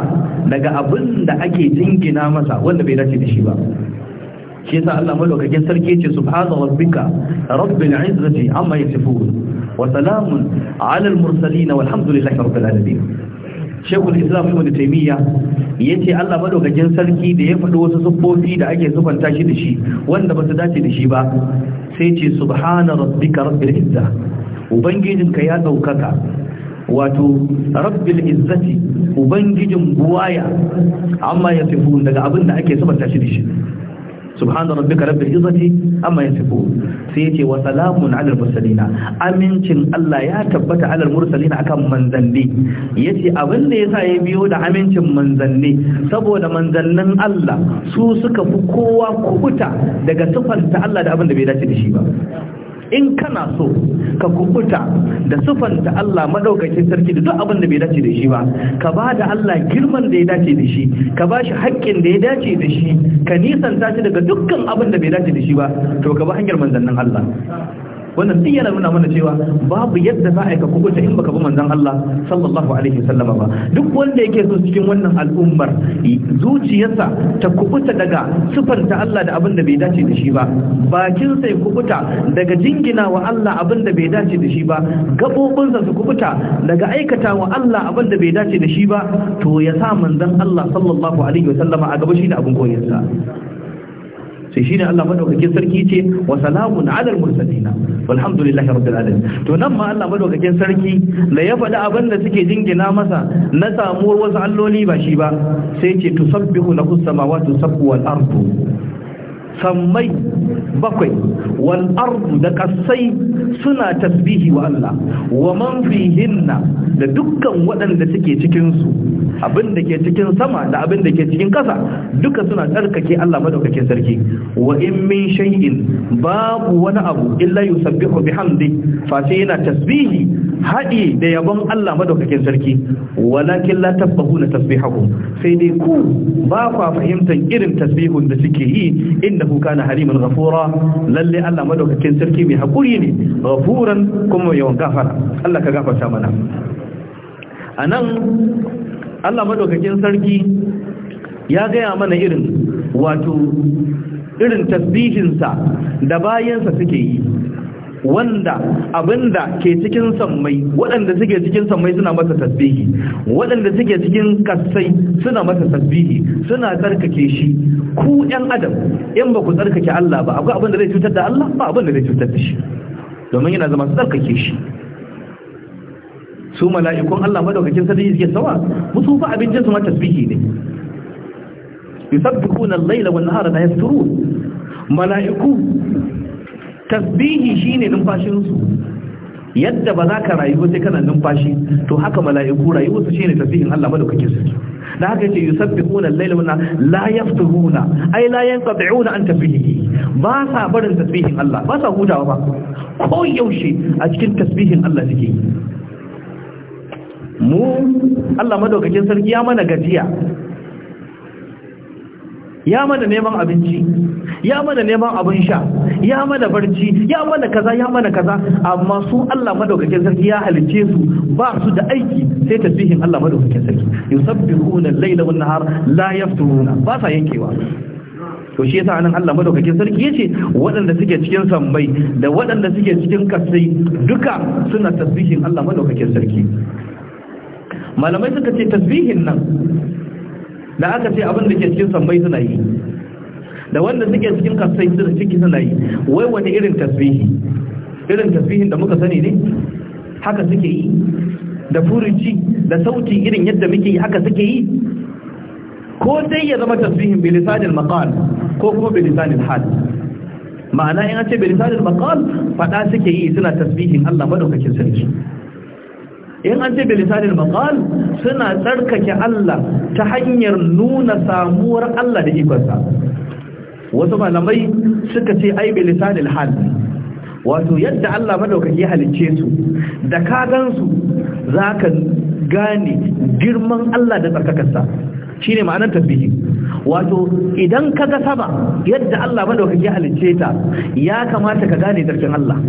daga abin da ake jingina masa wanda bai dace da shi ba shi yasa Allah madaukakin sarki yace subhana rabbika rabbil izzati amma yasifun wa salamun ala al mursalin walhamdulillahi rabbil alamin shaykhul islam ibn taymiya Ya ce Allah madaukakin sarki da ya faɗi wasu siffofi da ake sufanta shi da shi wanda ba su dace da shi ba sai ce subhana rabbika rabbil izza ubangijinka ya daukaka wato rabbil izzati ubangijin buwaya amma ya sifu daga abin da ake sufanta shi da shi subhana rabbika rabbil izzati amma yasifun sai yace wa salamun alal mursalina amincin Allah ya tabbata alal mursalina akan manzanni yace abin da yasa ya biyo da amincin manzanni saboda manzannin Allah su suka fi kowa kubuta daga ta Allah da abin da bai dace da shi ba in kana so ka kubuta da sufanta Allah madaukakin sarki da duk abin da bai dace da shi ba ka ba da Allah girman da ya dace da shi ka ba shi haƙƙin da ya dace da shi ka nisanta shi daga dukkan abin da bai dace da shi ba to ka ba hanyar manzannin Allah wannan duk yana nuna mana cewa babu yadda za a kubuta in baka bi manzon Allah sallallahu alaihi wasallama ba duk wanda yake so cikin wannan al'ummar zuciyarsa ta kubuta daga sifanta Allah da abin da bai dace da shi ba bakin sai kubuta daga jingina wa Allah abin da bai dace da shi ba gabobinsa su kubuta daga aikata wa Allah abin da bai dace da shi ba to ya sa manzon Allah sallallahu alaihi wasallama a gaba shi da abin koyarsa sai ne Allah madaukakin sarki ce wa salamun alal mursalina walhamdulillahi rabbil alamin to nan ma Allah madaukakin sarki da ya faɗi abin da suke jingina masa na samuwar wasu alloli ba shi ba sai ce tusabbihu lahu samawati sabbu wal ardu sammai bakwai wal ardu da kasai suna tasbihi wa Allah wa man fihinna da dukkan waɗanda suke cikin su abin da ke cikin sama da abin da ke cikin ƙasa duka suna tsarkake Allah madaukakin sarki wa in min shay'in babu wani abu illa yusabbihu bihamdi fa sai yana tasbihi haɗi da yabon Allah madaukakin sarki walakin la tabbahu na tasbihahum sai dai ku ba kwa fahimtar irin tasbihun da suke yi inda ku kana haliman ghafura lalle Allah madaukakin sarki mai hakuri ne ghafuran kuma yawan gafara Allah ka gafarta mana anan Allah madaukakin sarki ya gaya mana irin wato irin tasbihinsa da bayansa suke yi wanda abinda ke cikin sammai waɗanda suke cikin sammai suna masa tasbihi waɗanda suke cikin kassai suna masa tasbihi suna tsarkake shi ku ƴan adam in ba ku tsarkake Allah ba akwai abinda zai cutar da Allah ba abinda zai cutar da shi domin yana zama su tsarkake shi su mala'ikun Allah madaukakin sarki suke sawa musu fa abincin su ma tasbihi ne yusabbihuna al-laila wan-nahara la yasturun mala'iku tasbihi shine su. yadda ba za ka rayu sai kana numfashi to haka mala'iku su shine tasbihin Allah madaukakin su da haka yake yusabbihuna al-laila wa la yaftuhuna ay la yanqati'una an tasbihihi ba sa barin tasbihin Allah ba sa hutawa ba ko yaushe a cikin tasbihin Allah suke mu Allah madaukakin sarki ya mana gajiya ya mana neman abinci ya mana neman abin sha ya mana barci ya mana kaza ya mana kaza amma su Allah madaukakin sarki ya halice su ba su da aiki sai tasbihin Allah madaukakin sarki yusabbihuna al-laila wan nahar la yaftununa. ba sa yankewa to shi yasa nan Allah madaukakin sarki yace waɗanda suke cikin sambai da waɗanda suke cikin kasai duka suna tasbihin Allah madaukakin sarki malamai suka ce tasbihin nan da aka ce abin da ke cikin sambai suna yi da wanda suke cikin kasai su da ciki suna yi wai wani irin tasbihi irin tasbihin da muka sani ne haka suke yi da furuci da sauti irin yadda muke yi haka suke yi ko sai ya zama tasbihin bilisanil maqal ko kuma bilisanil hal ma'ana in an ce bilisanil maqal fada suke yi suna tasbihin Allah madaukakin sarki in an ce bilisanil maqal suna tsarkake Allah ta hanyar nuna samuwar Allah da ikonsa wasu malamai suka ce ai bi lisanil hal wato yadda Allah madaukaki ya halicce su da ka gansu zaka gane girman Allah da tsarkakarsa shine ma'anar tasbihi wato idan ka ga sama yadda Allah madaukaki ya halicce ta ya kamata ka gane tsarkin Allah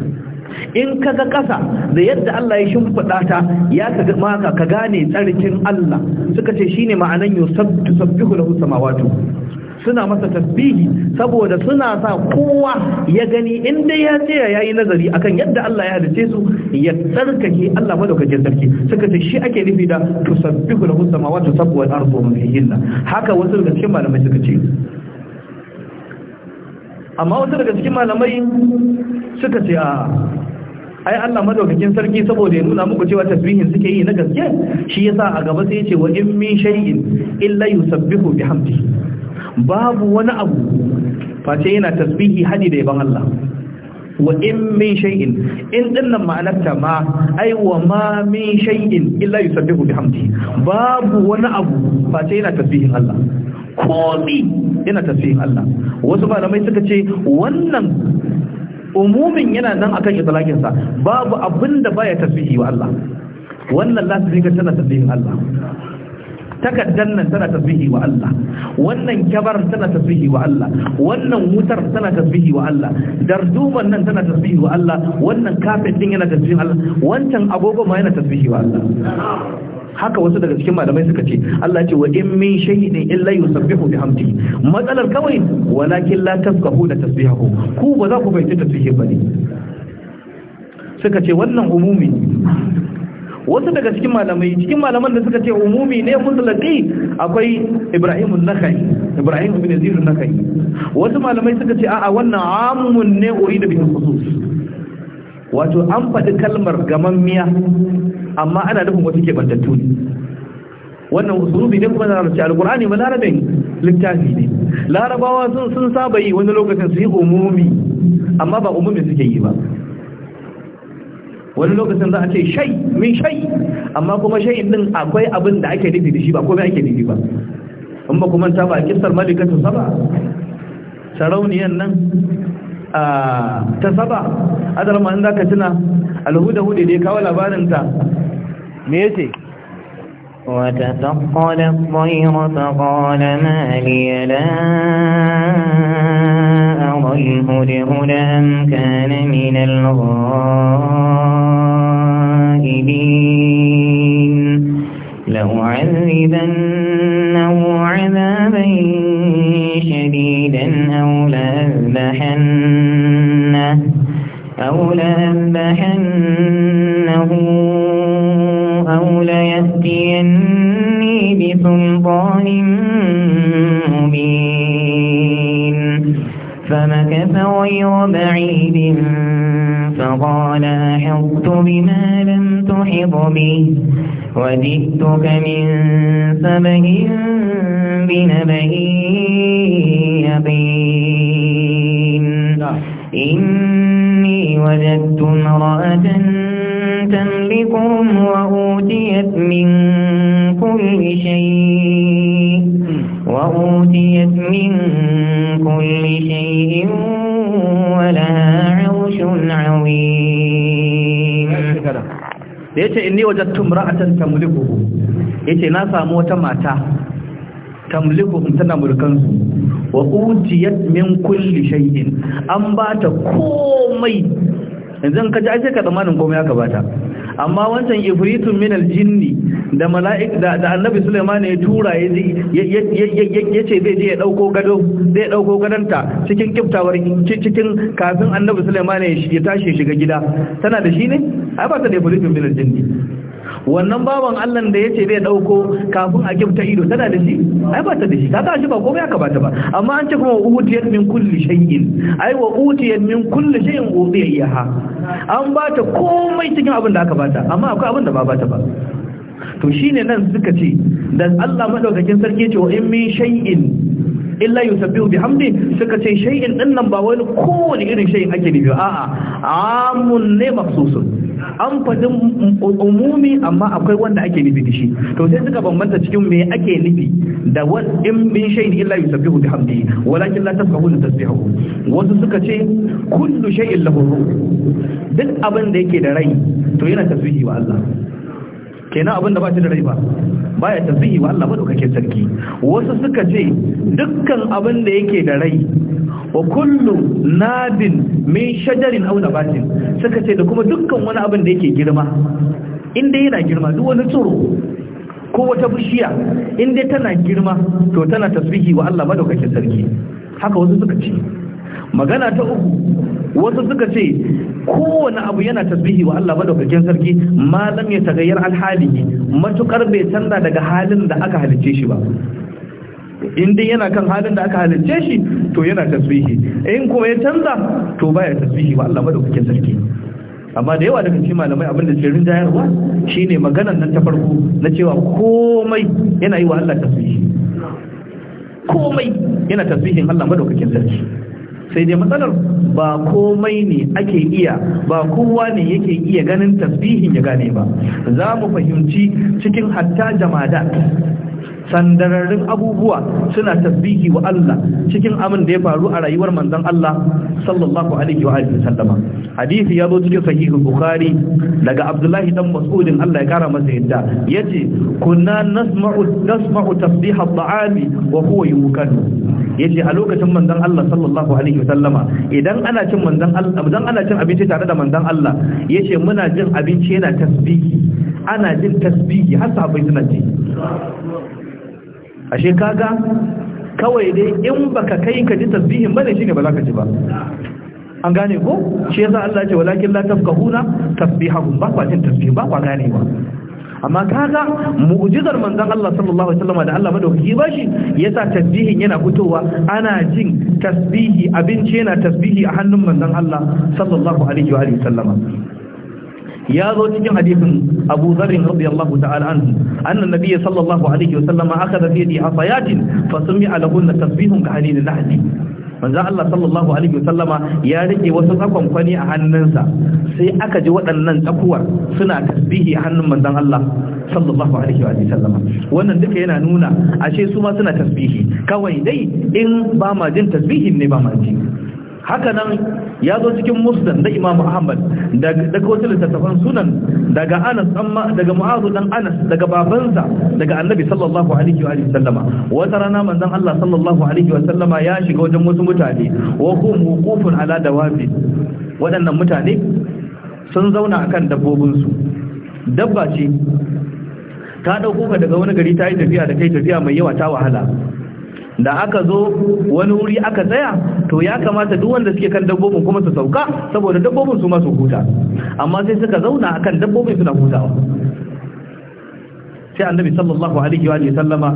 in ka ga ƙasa da yadda Allah ya shimfiɗa ta ya ka ga maka ka gane tsarkin Allah suka ce shine ma'anan yusabbihu lahu samawati suna masa tasbihi saboda suna sa kowa ya gani ya dai ya tsaya nazari akan yadda Allah ya halice su ya tsarkake Allah madaukakin sarki suka ce shi ake nufi da tusabbihu lahu samawati sabwa wal ardu bihinna haka wasu daga cikin malamai suka ce amma wasu daga cikin malamai suka ce a ai Allah madaukakin sarki saboda ya nuna muku cewa tasbihin suke yi na gaske shi yasa a gaba sai ya ce wa in min shay'in illa yusabbihu bihamdihi babu wani abu face yana tasbihi hadi da yaban Allah wa in min shay'in in dinnan ma'anarta ma ai wa ma min shay'in illa yusabbihu bihamdi babu wani abu face yana tasbihin Allah komi yana tasbihin Allah wasu malamai suka ce wannan umumin yana nan akan itlaqin sa babu abinda baya tasbihi wa Allah wannan lafi tana tasbihin Allah Takaddan nan tana tasbihi wa Allah wannan kyabar tana tasbihi wa Allah wannan wutar tana tasbihi wa Allah darduban nan tana tasbihi wa Allah wannan kafet din yana tasbihi wa Allah wancan agogo ma yana tasbihi wa Allah haka wasu daga cikin malamai suka ce Allah ce wa in min shay'in illa yusabbihu bihamdi matsalar kawai walakin la tasbahu da tasbihahu ku ba za ku fahimci tasbihi bane suka ce wannan umumi wasu daga cikin malamai cikin malaman da suka ce umumi ne mutlaqi akwai Ibrahim an-Nakhai Ibrahim ibn azir an-Nakhai wasu malamai suka ce a'a wannan amun ne urida bihi khusus wato an faɗi kalmar gamammiya amma ana nufin wata ke bantattu ne wannan usulubi ne kuma zan ce alkur'ani ba larabin littafi ne larabawa sun saba yi wani lokacin su yi umumi amma ba umumi suke yi ba wani lokacin za a ce shai min shai amma kuma shai din akwai abin da ake nufi da shi ba komai ake nufi ba in ba kuma ta ba kisar malikatu saba sarauniyan nan ta saba adarma in za ka tuna alhuda hude da ya kawo labarinta me yace وتثقل الطير فقال ما لي لا أرى الهدهد أم كان من الغائبين لأعذبنه عذابا شديدا أو لأذبحنه أو لأذبحنه غير بعيد فقال أحط بما لم تحط به وجئتك من سبه بنبه يقين إني وجدت امرأة تملكهم وأوتيت من كل شيء وأوتيت من كل شيء da yace inni wajadtu imra'atan tamlikuhu yace na samu wata mata tamlikuhum tana mulkan su wa utiyat min kulli shay'in an bata komai yanzu ka ji ake ka tsammanin komai aka bata amma wancan ifritun min aljinni da mala'ik da annabi Sulaiman ya tura ya yace zai je ya dauko gado zai dauko gadanta cikin kiftawar cikin kafin annabi Sulaiman ya tashi shiga gida tana da shi ne ai ba ta da fulifin bilal jinni wannan baban Allah da yace bai dauko kafin a gifta ido tana da shi ai ba ta da shi kaga shi ba komai aka bata ba amma an ce kuma utiyat min kulli shay'in ai wa utiyat min kulli shay'in udiyaha an bata komai cikin abin da aka bata amma akwai abin da ba bata ba to shine nan suka ce da Allah madaukakin sarki ce wa in min shay'in illa yusabbihu bihamdi suka ce shay'in din nan ba wani kowane irin shay'in ake nufi a'a amun ne mafsusun an fadin um, um, umumi amma akwai wanda ake nufi da shi to sai suka bambanta cikin me ake nufi da wa in bin shay'in illa yusabbihu bihamdi walakin la tafqahu tasbihu wasu suka ce kullu shay'in lahu duk abin da yake da rai to yana tasbihi wa Allah kenan abin da ba shi da rai ba ba baya tasbihi wa Allah madaukakin sarki wasu suka ce dukkan abin da yake da rai wa kullu nadin min shajarin aw nabatin suka ce da kuma dukkan wani abin da yake girma inda yana girma duk wani tsoro ko wata bishiya inda tana girma to tana tasbihi wa Allah madaukakin sarki haka wasu suka ce magana ta uku wasu suka ce kowane abu yana tasbihi wa Allah madaukakin sarki malam ya tagayyar alhali matukar bai canza daga halin da aka halicce shi ba in dai yana kan halin da aka halicce shi to yana tasbihi in kuma ya canza to baya tasbihi wa Allah madaukakin sarki amma da yawa daga cikin malamai abin da cirin jayarwa shine maganar nan ta farko na cewa komai yana yi wa Allah tasbihi komai yana tasbihin Allah madaukakin sarki sai dai matsalar ba komai ne ake iya ba kowa ne yake iya ganin tasbihin ya gane ba za mu fahimci cikin hatta jama'a Sandararrun abubuwa suna tasbihi wa Allah cikin abin da ya faru a rayuwar manzon Allah sallallahu alaihi wa alihi sallama hadisi ya zo cikin sahih bukhari daga abdullahi dan mas'udin Allah ya kara masa yadda yace kunna nasma'u nasma'u tasbiha taami wa huwa yukadu yace a lokacin manzon Allah sallallahu alaihi wasallama idan ana cin manzon Allah idan ana cin abinci tare da manzon Allah yace muna jin abinci yana tasbihi ana jin tasbihi har sahabbai suna ji ashe kaga kawai dai in baka kai ka ji tasbihin bane shine ba za ka ji ba an gane ko shi yasa Allah ya ce walakin la huna tasbihahum ba kwa jin tasbihi ba kwa ganewa amma kaga mu'jizar manzon Allah sallallahu alaihi wasallam da Allah madaukaki ba shi yasa tasbihin yana fitowa ana jin tasbihi abinci yana tasbihi a hannun manzon Allah sallallahu alaihi wa ya zo cikin hadisin Abu Dharr radiyallahu ta'ala anhu anna nabiyyi sallallahu alaihi wa sallama akhadha bi yadi asayatin fa sumi'a lahunna tasbihun ka halil nahdi manzon Allah sallallahu alaihi wasallama ya rike wasu tsakonkwani a hannunsa sai aka ji waɗannan tsakuwar suna tasbihi a hannun manzon Allah sallallahu alaihi wa wannan duka yana nuna ashe su ma suna tasbihi kawai dai in ba ma jin tasbihin ne ba ma ji haka nan ya zo cikin musdan da imam ahmad daga wasu littattafan sunan daga anas amma daga mu'azu dan anas daga babansa daga annabi sallallahu alaihi wa sallama wata rana manzon Allah sallallahu alaihi wa sallama ya shiga wajen wasu mutane wa hum wuqufun ala dawabi waɗannan mutane sun zauna akan dabbobinsu dabba ce ta dauko ka daga wani gari ta yi tafiya da kai tafiya mai yawa ta wahala da aka zo wani wuri aka tsaya to ya kamata duk wanda suke kan dabbobin kuma su sauka saboda dabbobin su ma su huta amma sai suka zauna akan dabbobin suna hutawa sai annabi sallallahu alaihi wa sallama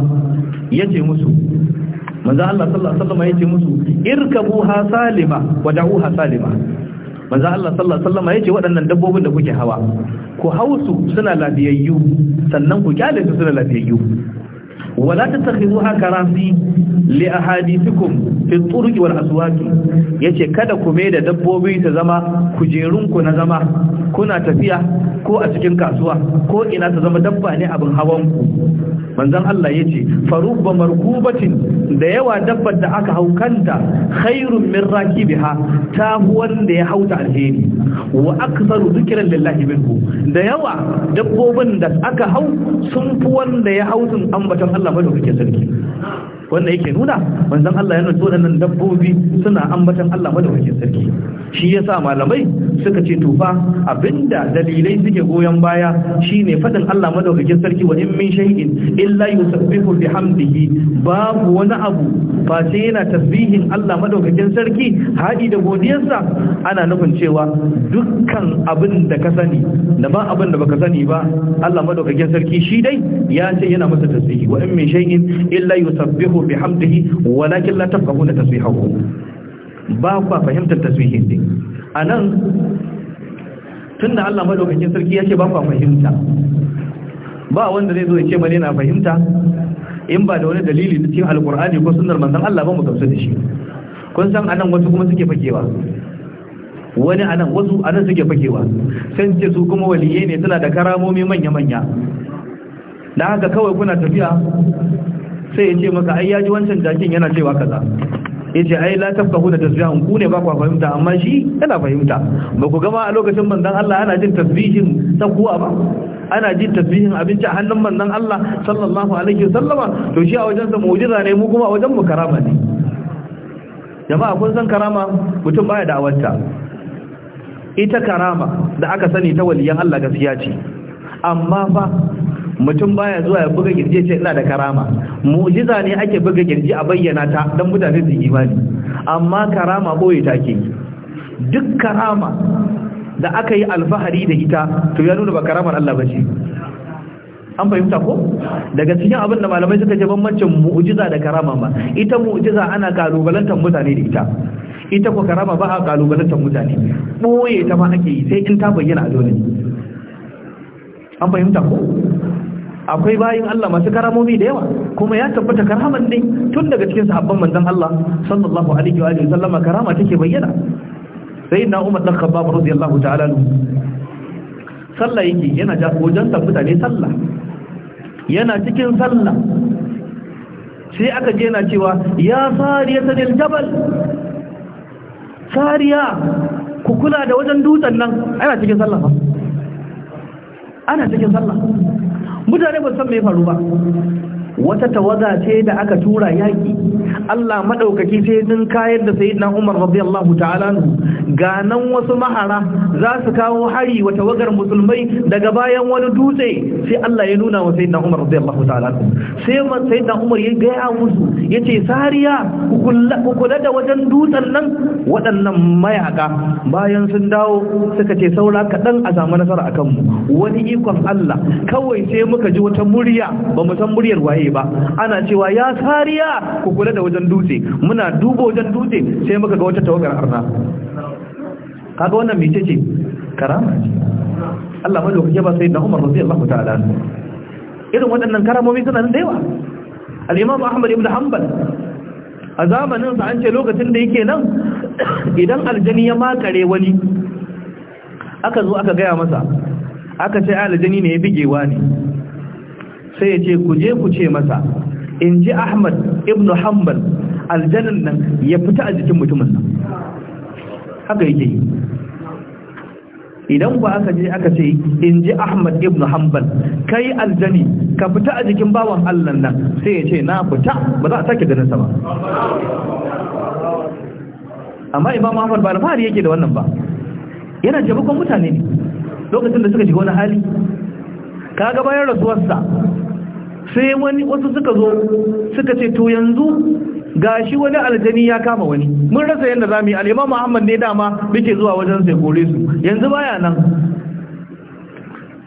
yace musu manzo Allah sallallahu alaihi wa sallama yace musu ha salima wa da'uha salima manzo Allah sallallahu alaihi sallama yace waɗannan dabbobin da kuke hawa ku hausu suna lafiyayyu sannan ku kyale su suna lafiyayyu wala tattakhizuha karasi li ahadithikum fi turuqi wal aswaq yace kada ku bai da dabbobi ta zama kujerunku na zama kuna tafiya ko a cikin kasuwa ko ina ta zama dabba ne abin hawan ku manzon Allah ya ce faruba markubatin da yawa dabbar da aka haukanta khairun min biha ta wanda ya hauta alheri wa aktsaru dhikran lillahi minhu da yawa dabbobin da aka hau sun fi wanda ya hautun ambaton Allah madaukakin sarki wanda yake nuna manzon Allah yana so nan dabbobi suna ambatan Allah madaukakin sarki shi yasa malamai suka ce tufa abinda dalilai suke goyon baya shine fadin Allah madawakin sarki wa in min shay'in illa yusabbihu bihamdihi babu wani abu face yana tasbihin Allah madawakin sarki hadi da godiyarsa ana nufin cewa dukkan abin da ka sani da ba abin da baka sani ba Allah madawakin sarki shi dai ya ce yana masa tasbihi wa in min shay'in illa yusabbihu yusabbihu bihamdihi walakin la tafqahuna tasbihahu ba ku fahimtar tasbihin din anan tunda Allah madaukakin sarki yake ba ku fahimta ba wanda zai zo ya ce mane na fahimta in ba da wani dalili na cikin alqur'ani ko sunnar manzon Allah ba mu gamsu da shi kun san anan wasu kuma suke fakewa wani anan wasu anan suke fakewa san ce su kuma waliye ne suna da karamomi manya manya dan haka kawai kuna tafiya sai ya ce maka ai ya ji wancan jakin yana cewa kaza ya ce ai la hu da tasbihan ku ne ba ku fahimta amma shi yana fahimta ba ku gama a lokacin manzon Allah ana jin tasbihin kuwa ba ana jin tasbihin abinci a hannun manzon Allah sallallahu alaihi wasallama to shi a wajen sa mu'jiza ne mu kuma a wajen mu karama ne jama'a kun san karama mutum baya da awanta ita karama da aka sani ta waliyan Allah gaskiya ce amma fa mutum baya zuwa ya buga girji ce ina da karama mu'jiza ne ake buga girji a bayyana ta dan mutane su imani amma karama boye take duk karama da aka yi alfahari da ita to ya nuna ba karamar Allah bace an fahimta ko daga cikin abin da malamai suka ce bambancin mu'jiza da karama ba ita mu'jiza ana kalubalantar mutane da ita ita ko karama ba a kalubalantar mutane boye ta ma ake yi sai in ta bayyana a dole an fahimta ko akwai bayin Allah masu karamomi da yawa kuma ya tabbata karaman ne tun daga cikin sahabban manzon Allah sallallahu alaihi wa alihi sallama karama take bayyana sayyidina Umar dan Khattab radiyallahu ta'ala anhu sallah yake yana wajen tabbata ne sallah yana cikin sallah sai aka je yana cewa ya sariyatul jabal sariya ku kula da wajen dutsen nan ana cikin sallah ana cikin sallah mutane ba san me faru ba wata tawaga ce da aka tura yaƙi. Allah maɗaukaki sai din kayar da sayyidina Umar radiyallahu ta'ala ga nan wasu mahara za su kawo hari wa tawagar musulmai daga bayan wani dutse sai Allah ya nuna wa sayyidina Umar radiyallahu ta'ala sai sayyidina Umar ya gaya musu yace sariya ku kula da wajen dutsen nan waɗannan mayaka bayan sun dawo suka ce saura kaɗan a samu nasara a kanmu wani ikon Allah kawai sai muka ji wata murya ba mu san muryar waye ba ana cewa ya sariya ku kula da wajen dutse muna duba wajen dutse sai muka ga wata tawagar arna kaga wannan mece ce karama ce Allah mai lokaci ba sai da Umar radiyallahu ta'ala irin waɗannan karamomi suna nan da yawa al-Imam Ahmad ibn Hanbal a zamanin sa an ce lokacin da yake nan idan aljani ya makare wani aka zo aka gaya masa aka ce aljani ne ya bigewa ne sai ya ce ku je ku ce masa in ji ahmad ibn hanbal aljannan nan ya fita a jikin mutumin nan haka yake idan ba aka je aka ce in ji ahmad ibn hanbal kai aljani ka fita a jikin bawan allan nan sai ya ce na fita ba za a sake ganin sa ba amma imam ahmad ba alfahari yake da wannan ba yana jabukon mutane ne lokacin da suka shiga wani hali kaga bayan rasuwarsa sai wani wasu suka zo suka ce to yanzu gashi wani aljani ya kama wani mun rasa yadda zamu yi al'imam Muhammad ne dama muke zuwa wajen sai kore su yanzu baya nan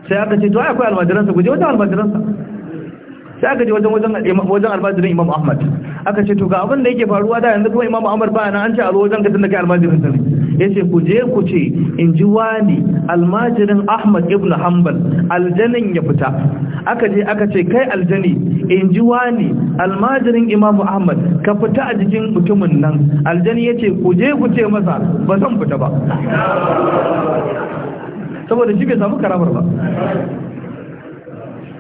sai aka ce to ai akwai almajiransa guje wajen almajiransa sai aka je wajen wajen wajen almajirin Imam Ahmad aka ce to ga abin da yake faruwa da yanzu kuma imamu amar ba yana an ce a zo wajen kasan da kai almajirin sani ya ce ku je ku ce in ji wani almajirin ahmad ibn hanbal aljanin ya fita aka je aka ce kai aljani in ji wani almajirin imamu ahmad ka fita a jikin mutumin nan aljani ya ce ku je ku ce masa ba zan fita ba saboda shi bai samu karamar ba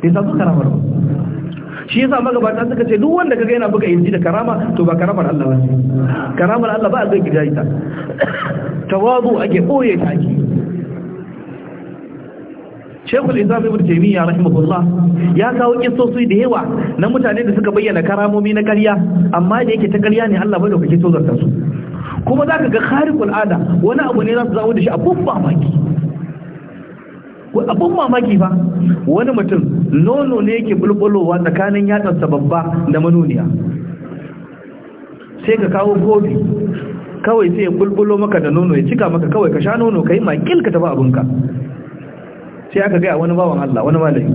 bai samu karamar ba shi yasa magabata suka ce duk wanda kaga yana buga inji da karama to ba karamar Allah ba karamar Allah ba a zai gida ita tawazu ake boye ta ake Shekul Islam Ibn Taymiyyah rahimahullah ya kawo kissosi da yawa na mutane da suka bayyana karamomi na ƙarya amma da yake ta ƙarya ne Allah bai dauke ta su kuma zaka ga khariqul ada wani abu ne za su zawo da shi a babba maki abun mamaki ba wani mutum nono ne yake bulbulowa tsakanin yatsarsa babba da manoniya sai ka kawo kofi kawai sai ya bulbulo maka da nono ya cika maka kawai ka sha nono ka yi ta ba abun abinka sai aka gaya wani bawan Allah wani malami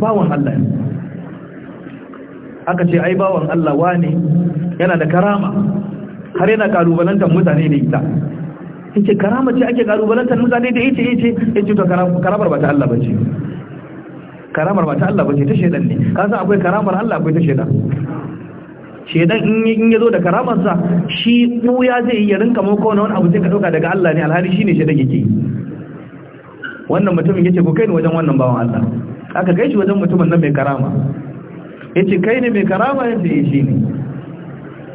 bawan Allah aka ce ai bawan Allah wane yana da karama har yana kalubalantar mutane da ita yace karama ce ake kalubalantar mutane da yace yace yace to karamar ba ta Allah bace karamar ba ta Allah bace ta shedan ne Kasa akwai karamar Allah akwai ta shedan shedan in ya zo da karamarsa shi buya zai yi rinka mako na wani abu sai ka ɗauka daga Allah ne alhali ne shedan yake wannan mutumin yace ko kai ne wajen wannan bawan Allah aka kai shi wajen mutumin nan mai karama yace kai ne mai karama yace eh, shi ne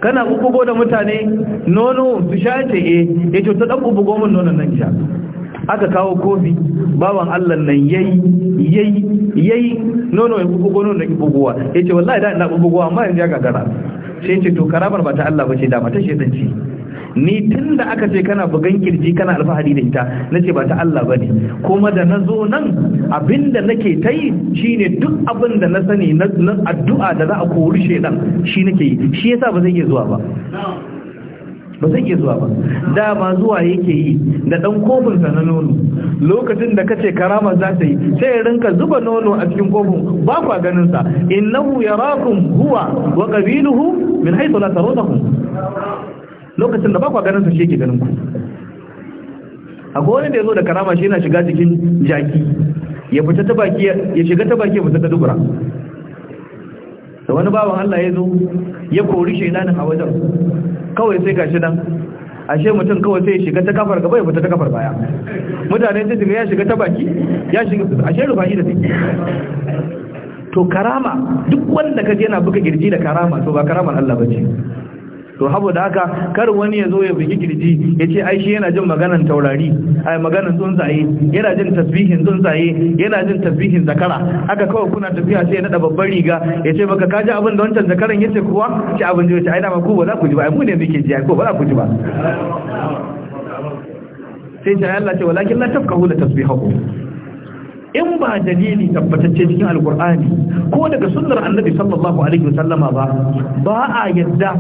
kana bubugo da mutane nono su sha ce eh, ya ce ta ɗan bubugo min nonon nan sha aka kawo kofi bawan Allah nan yayi yayi yayi nono ya bubugo nono ya bubugowa ya ce wallahi da ina bubugowa amma yanzu ya gagara sai ce to karamar ba ta Allah ba ce da mata shedanci ni tun da aka ce kana bugan kirji kana alfahari da ita na ce ba ta Allah ba ne kuma da na zo nan abinda nake ta yi shi ne duk abin da na sani na addu'a da za a kori shaidan shi nake yi shi ya sa ba zai iya zuwa ba ba zai iya zuwa ba dama zuwa yake yi da ɗan kofinsa na nono lokacin da kace karama za ta yi sai ya rinka zuba nono a cikin kofin ba kwa ganinsa innahu yarakum huwa wa qabiluhu min haythu la tarawnahu lokacin da ba kwa ganin su shi yake ganin ku akwai wani da ya zo da karama shi yana shiga cikin jaki ya fita ta baki ya shiga ta baki ya fita ta dubura da wani bawan Allah ya zo ya kori shi nan a wajen kawai sai gashi nan ashe mutum kawai sai ya shiga ta kafar gaba ya fita ta kafar baya mutane sai ga ya shiga ta baki ya shiga ashe rufa'i da take to karama duk wanda kaje yana buga girji da karama to ba karamar Allah bace to da haka kar wani ya zo ya bugi kirji ya ce ai shi yana jin maganan taurari ai maganan tsuntsaye yana jin tasbihin tsuntsaye yana jin tasbihin zakara haka kawai kuna tafiya sai ya nada babban riga ya ce baka kaji abin da wancan zakaran yace kuwa ki abin da yace ai dama ku ba za ku ji ba ai mu ne muke ji ko ba za ku ji ba sai ta Allah ce walakin la tafkahu la tasbihahu in ba dalili tabbatacce cikin alkur'ani ko daga sunnar annabi sallallahu alaihi wasallama ba ba a yadda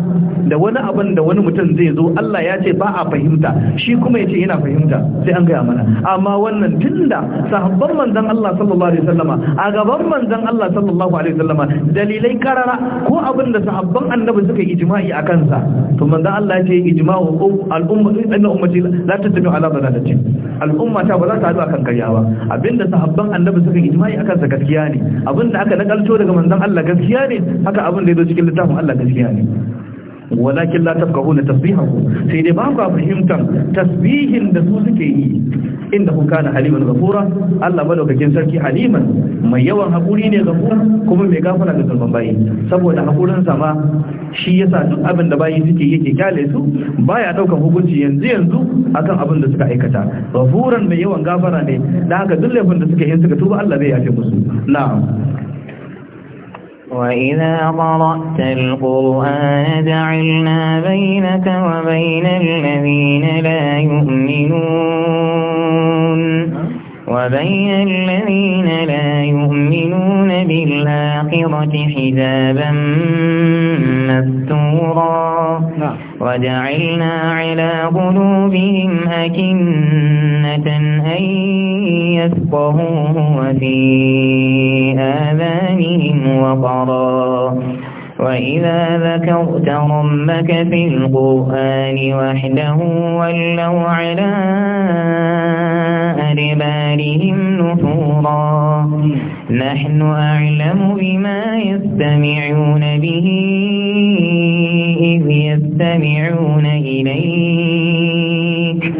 da wani abin da wani mutum zai zo Allah ya ce ba a fahimta shi kuma ya ce yana fahimta sai an gaya mana amma wannan tunda sahabban manzon Allah sallallahu alaihi wasallama a gaban manzon Allah sallallahu alaihi wasallama dalilai karara ko abin da sahabban annabi suka yi ijma'i a kansa to manzon Allah ya ce ijma'u um-, al'umma inna ummati la tattabi'u ala dalalati al'umma ta ba za ta haɗu karya ba, abinda sahabban sahabban annabi suka ijma'i akan sa gaskiya ne abinda aka nakalto daga manzon Allah gaskiya ne haka abin da ya zo cikin littafin Allah gaskiya ne walakin la tafkahuna tasbihahu sai dai ba ku fahimtar tasbihin da su suke yi inda ku kana haliman Zafura, Allah madaukakin sarki haliman mai yawan hakuri ne Zafura, kuma mai gafara ga zulman bayi saboda hakurin sa ma shi yasa duk abin da bayi suke yake kyale su baya daukan hukunci yanzu yanzu akan abin da suka aikata ghafuran mai yawan gafara ne dan haka duk laifin da suka yin suka tuba Allah zai yafe musu na'am وإذا قرأت القرآن جعلنا بينك وبين الذين لا يؤمنون وبين الذين لا يؤمنون بالآخرة حجابا مستورا نعم وجعلنا على قلوبهم أكنة أن يفقهوه وفي آذانهم وقرا وإذا ذكرت ربك في القرآن وحده ولوا على أدبارهم نفورا نحن أعلم بما يستمعون به إذ يستمعون إليك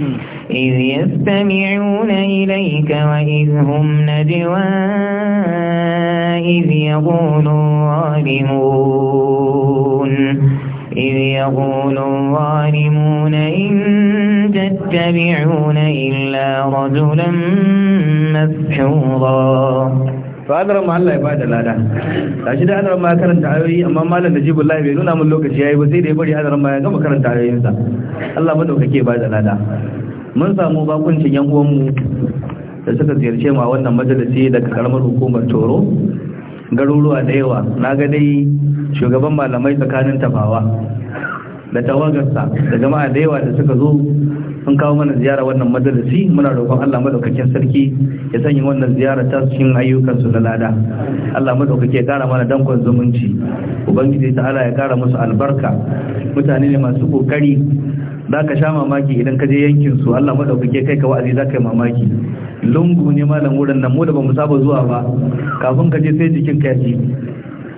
إذ يستمعون إليك وإذ هم نجوان إذ يقول الظالمون إذ يقول الظالمون إن تتبعون إلا رجلا مسحورا فأنا رمى الله يبعد الله لا أشد أنا رمى كرن تعوي أما ما لن نجيب الله يبعد نعم اللوك الشيء وزيد يبعد هذا رمى كما كرن تعوي الله مدوك كي يبعد الله من سامو باقون شيء ينقوم da suka ziyarce mu a wannan majalisi daga karamar hukumar garuruwa da yawa na ga dai shugaban malamai tsakanin tafawa da tawagarsa da jama'a da yawa da suka zo sun kawo mana ziyara wannan madarasi. muna roƙon Allah madaukakin sarki ya sanya wannan ziyara ta cikin ayyukan su na lada Allah madaukake ya kara mana dankon zumunci ubangiji ta Allah ya kara musu albarka mutane ne masu kokari za ka sha mamaki idan ka je yankin su Allah madaukake kai ka wa'azi za ka yi mamaki lungu ne malam wurin nan mu da bamu saba zuwa ba kafin ka je sai jikin ka yaji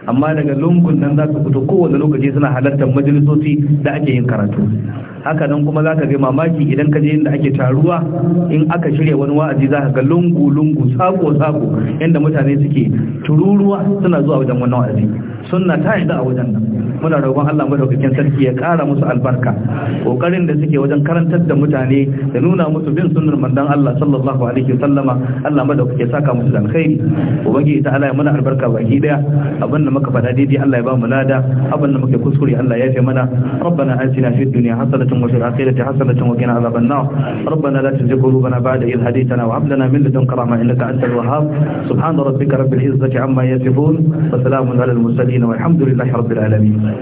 amma daga lungun nan za su fito kowane lokaci suna halartar majalisoci da ake yin karatu haka nan kuma za ka ga mamaki idan ka je inda ake taruwa in aka shirya wani wa'azi za ka ga lungu lungu sako sako yadda mutane suke tururuwa suna zuwa wajen wannan wa'azi sunna ta yi da a wajen nan muna roƙon Allah madaukakin sarki ya ƙara musu albarka kokarin da suke wajen karantar da mutane da nuna musu bin sunnar mandan Allah sallallahu alaihi wasallama Allah madaukake saka musu alkhairi ubangiji ta ya muna albarka baki daya abinda muka faɗa daidai Allah ya ba mu lada abin da muke kuskure Allah ya yafe mana ربنا آتنا في الدنيا حسنة وفي الآخرة حسنة وقنا عذاب النار ربنا لا تزغ قلوبنا بعد إذ هديتنا وهب لنا من لدنك رحمة إنك أنت الوهاب سبحان ربك رب العزة عما يصفون وسلام على المرسلين والحمد لله رب العالمين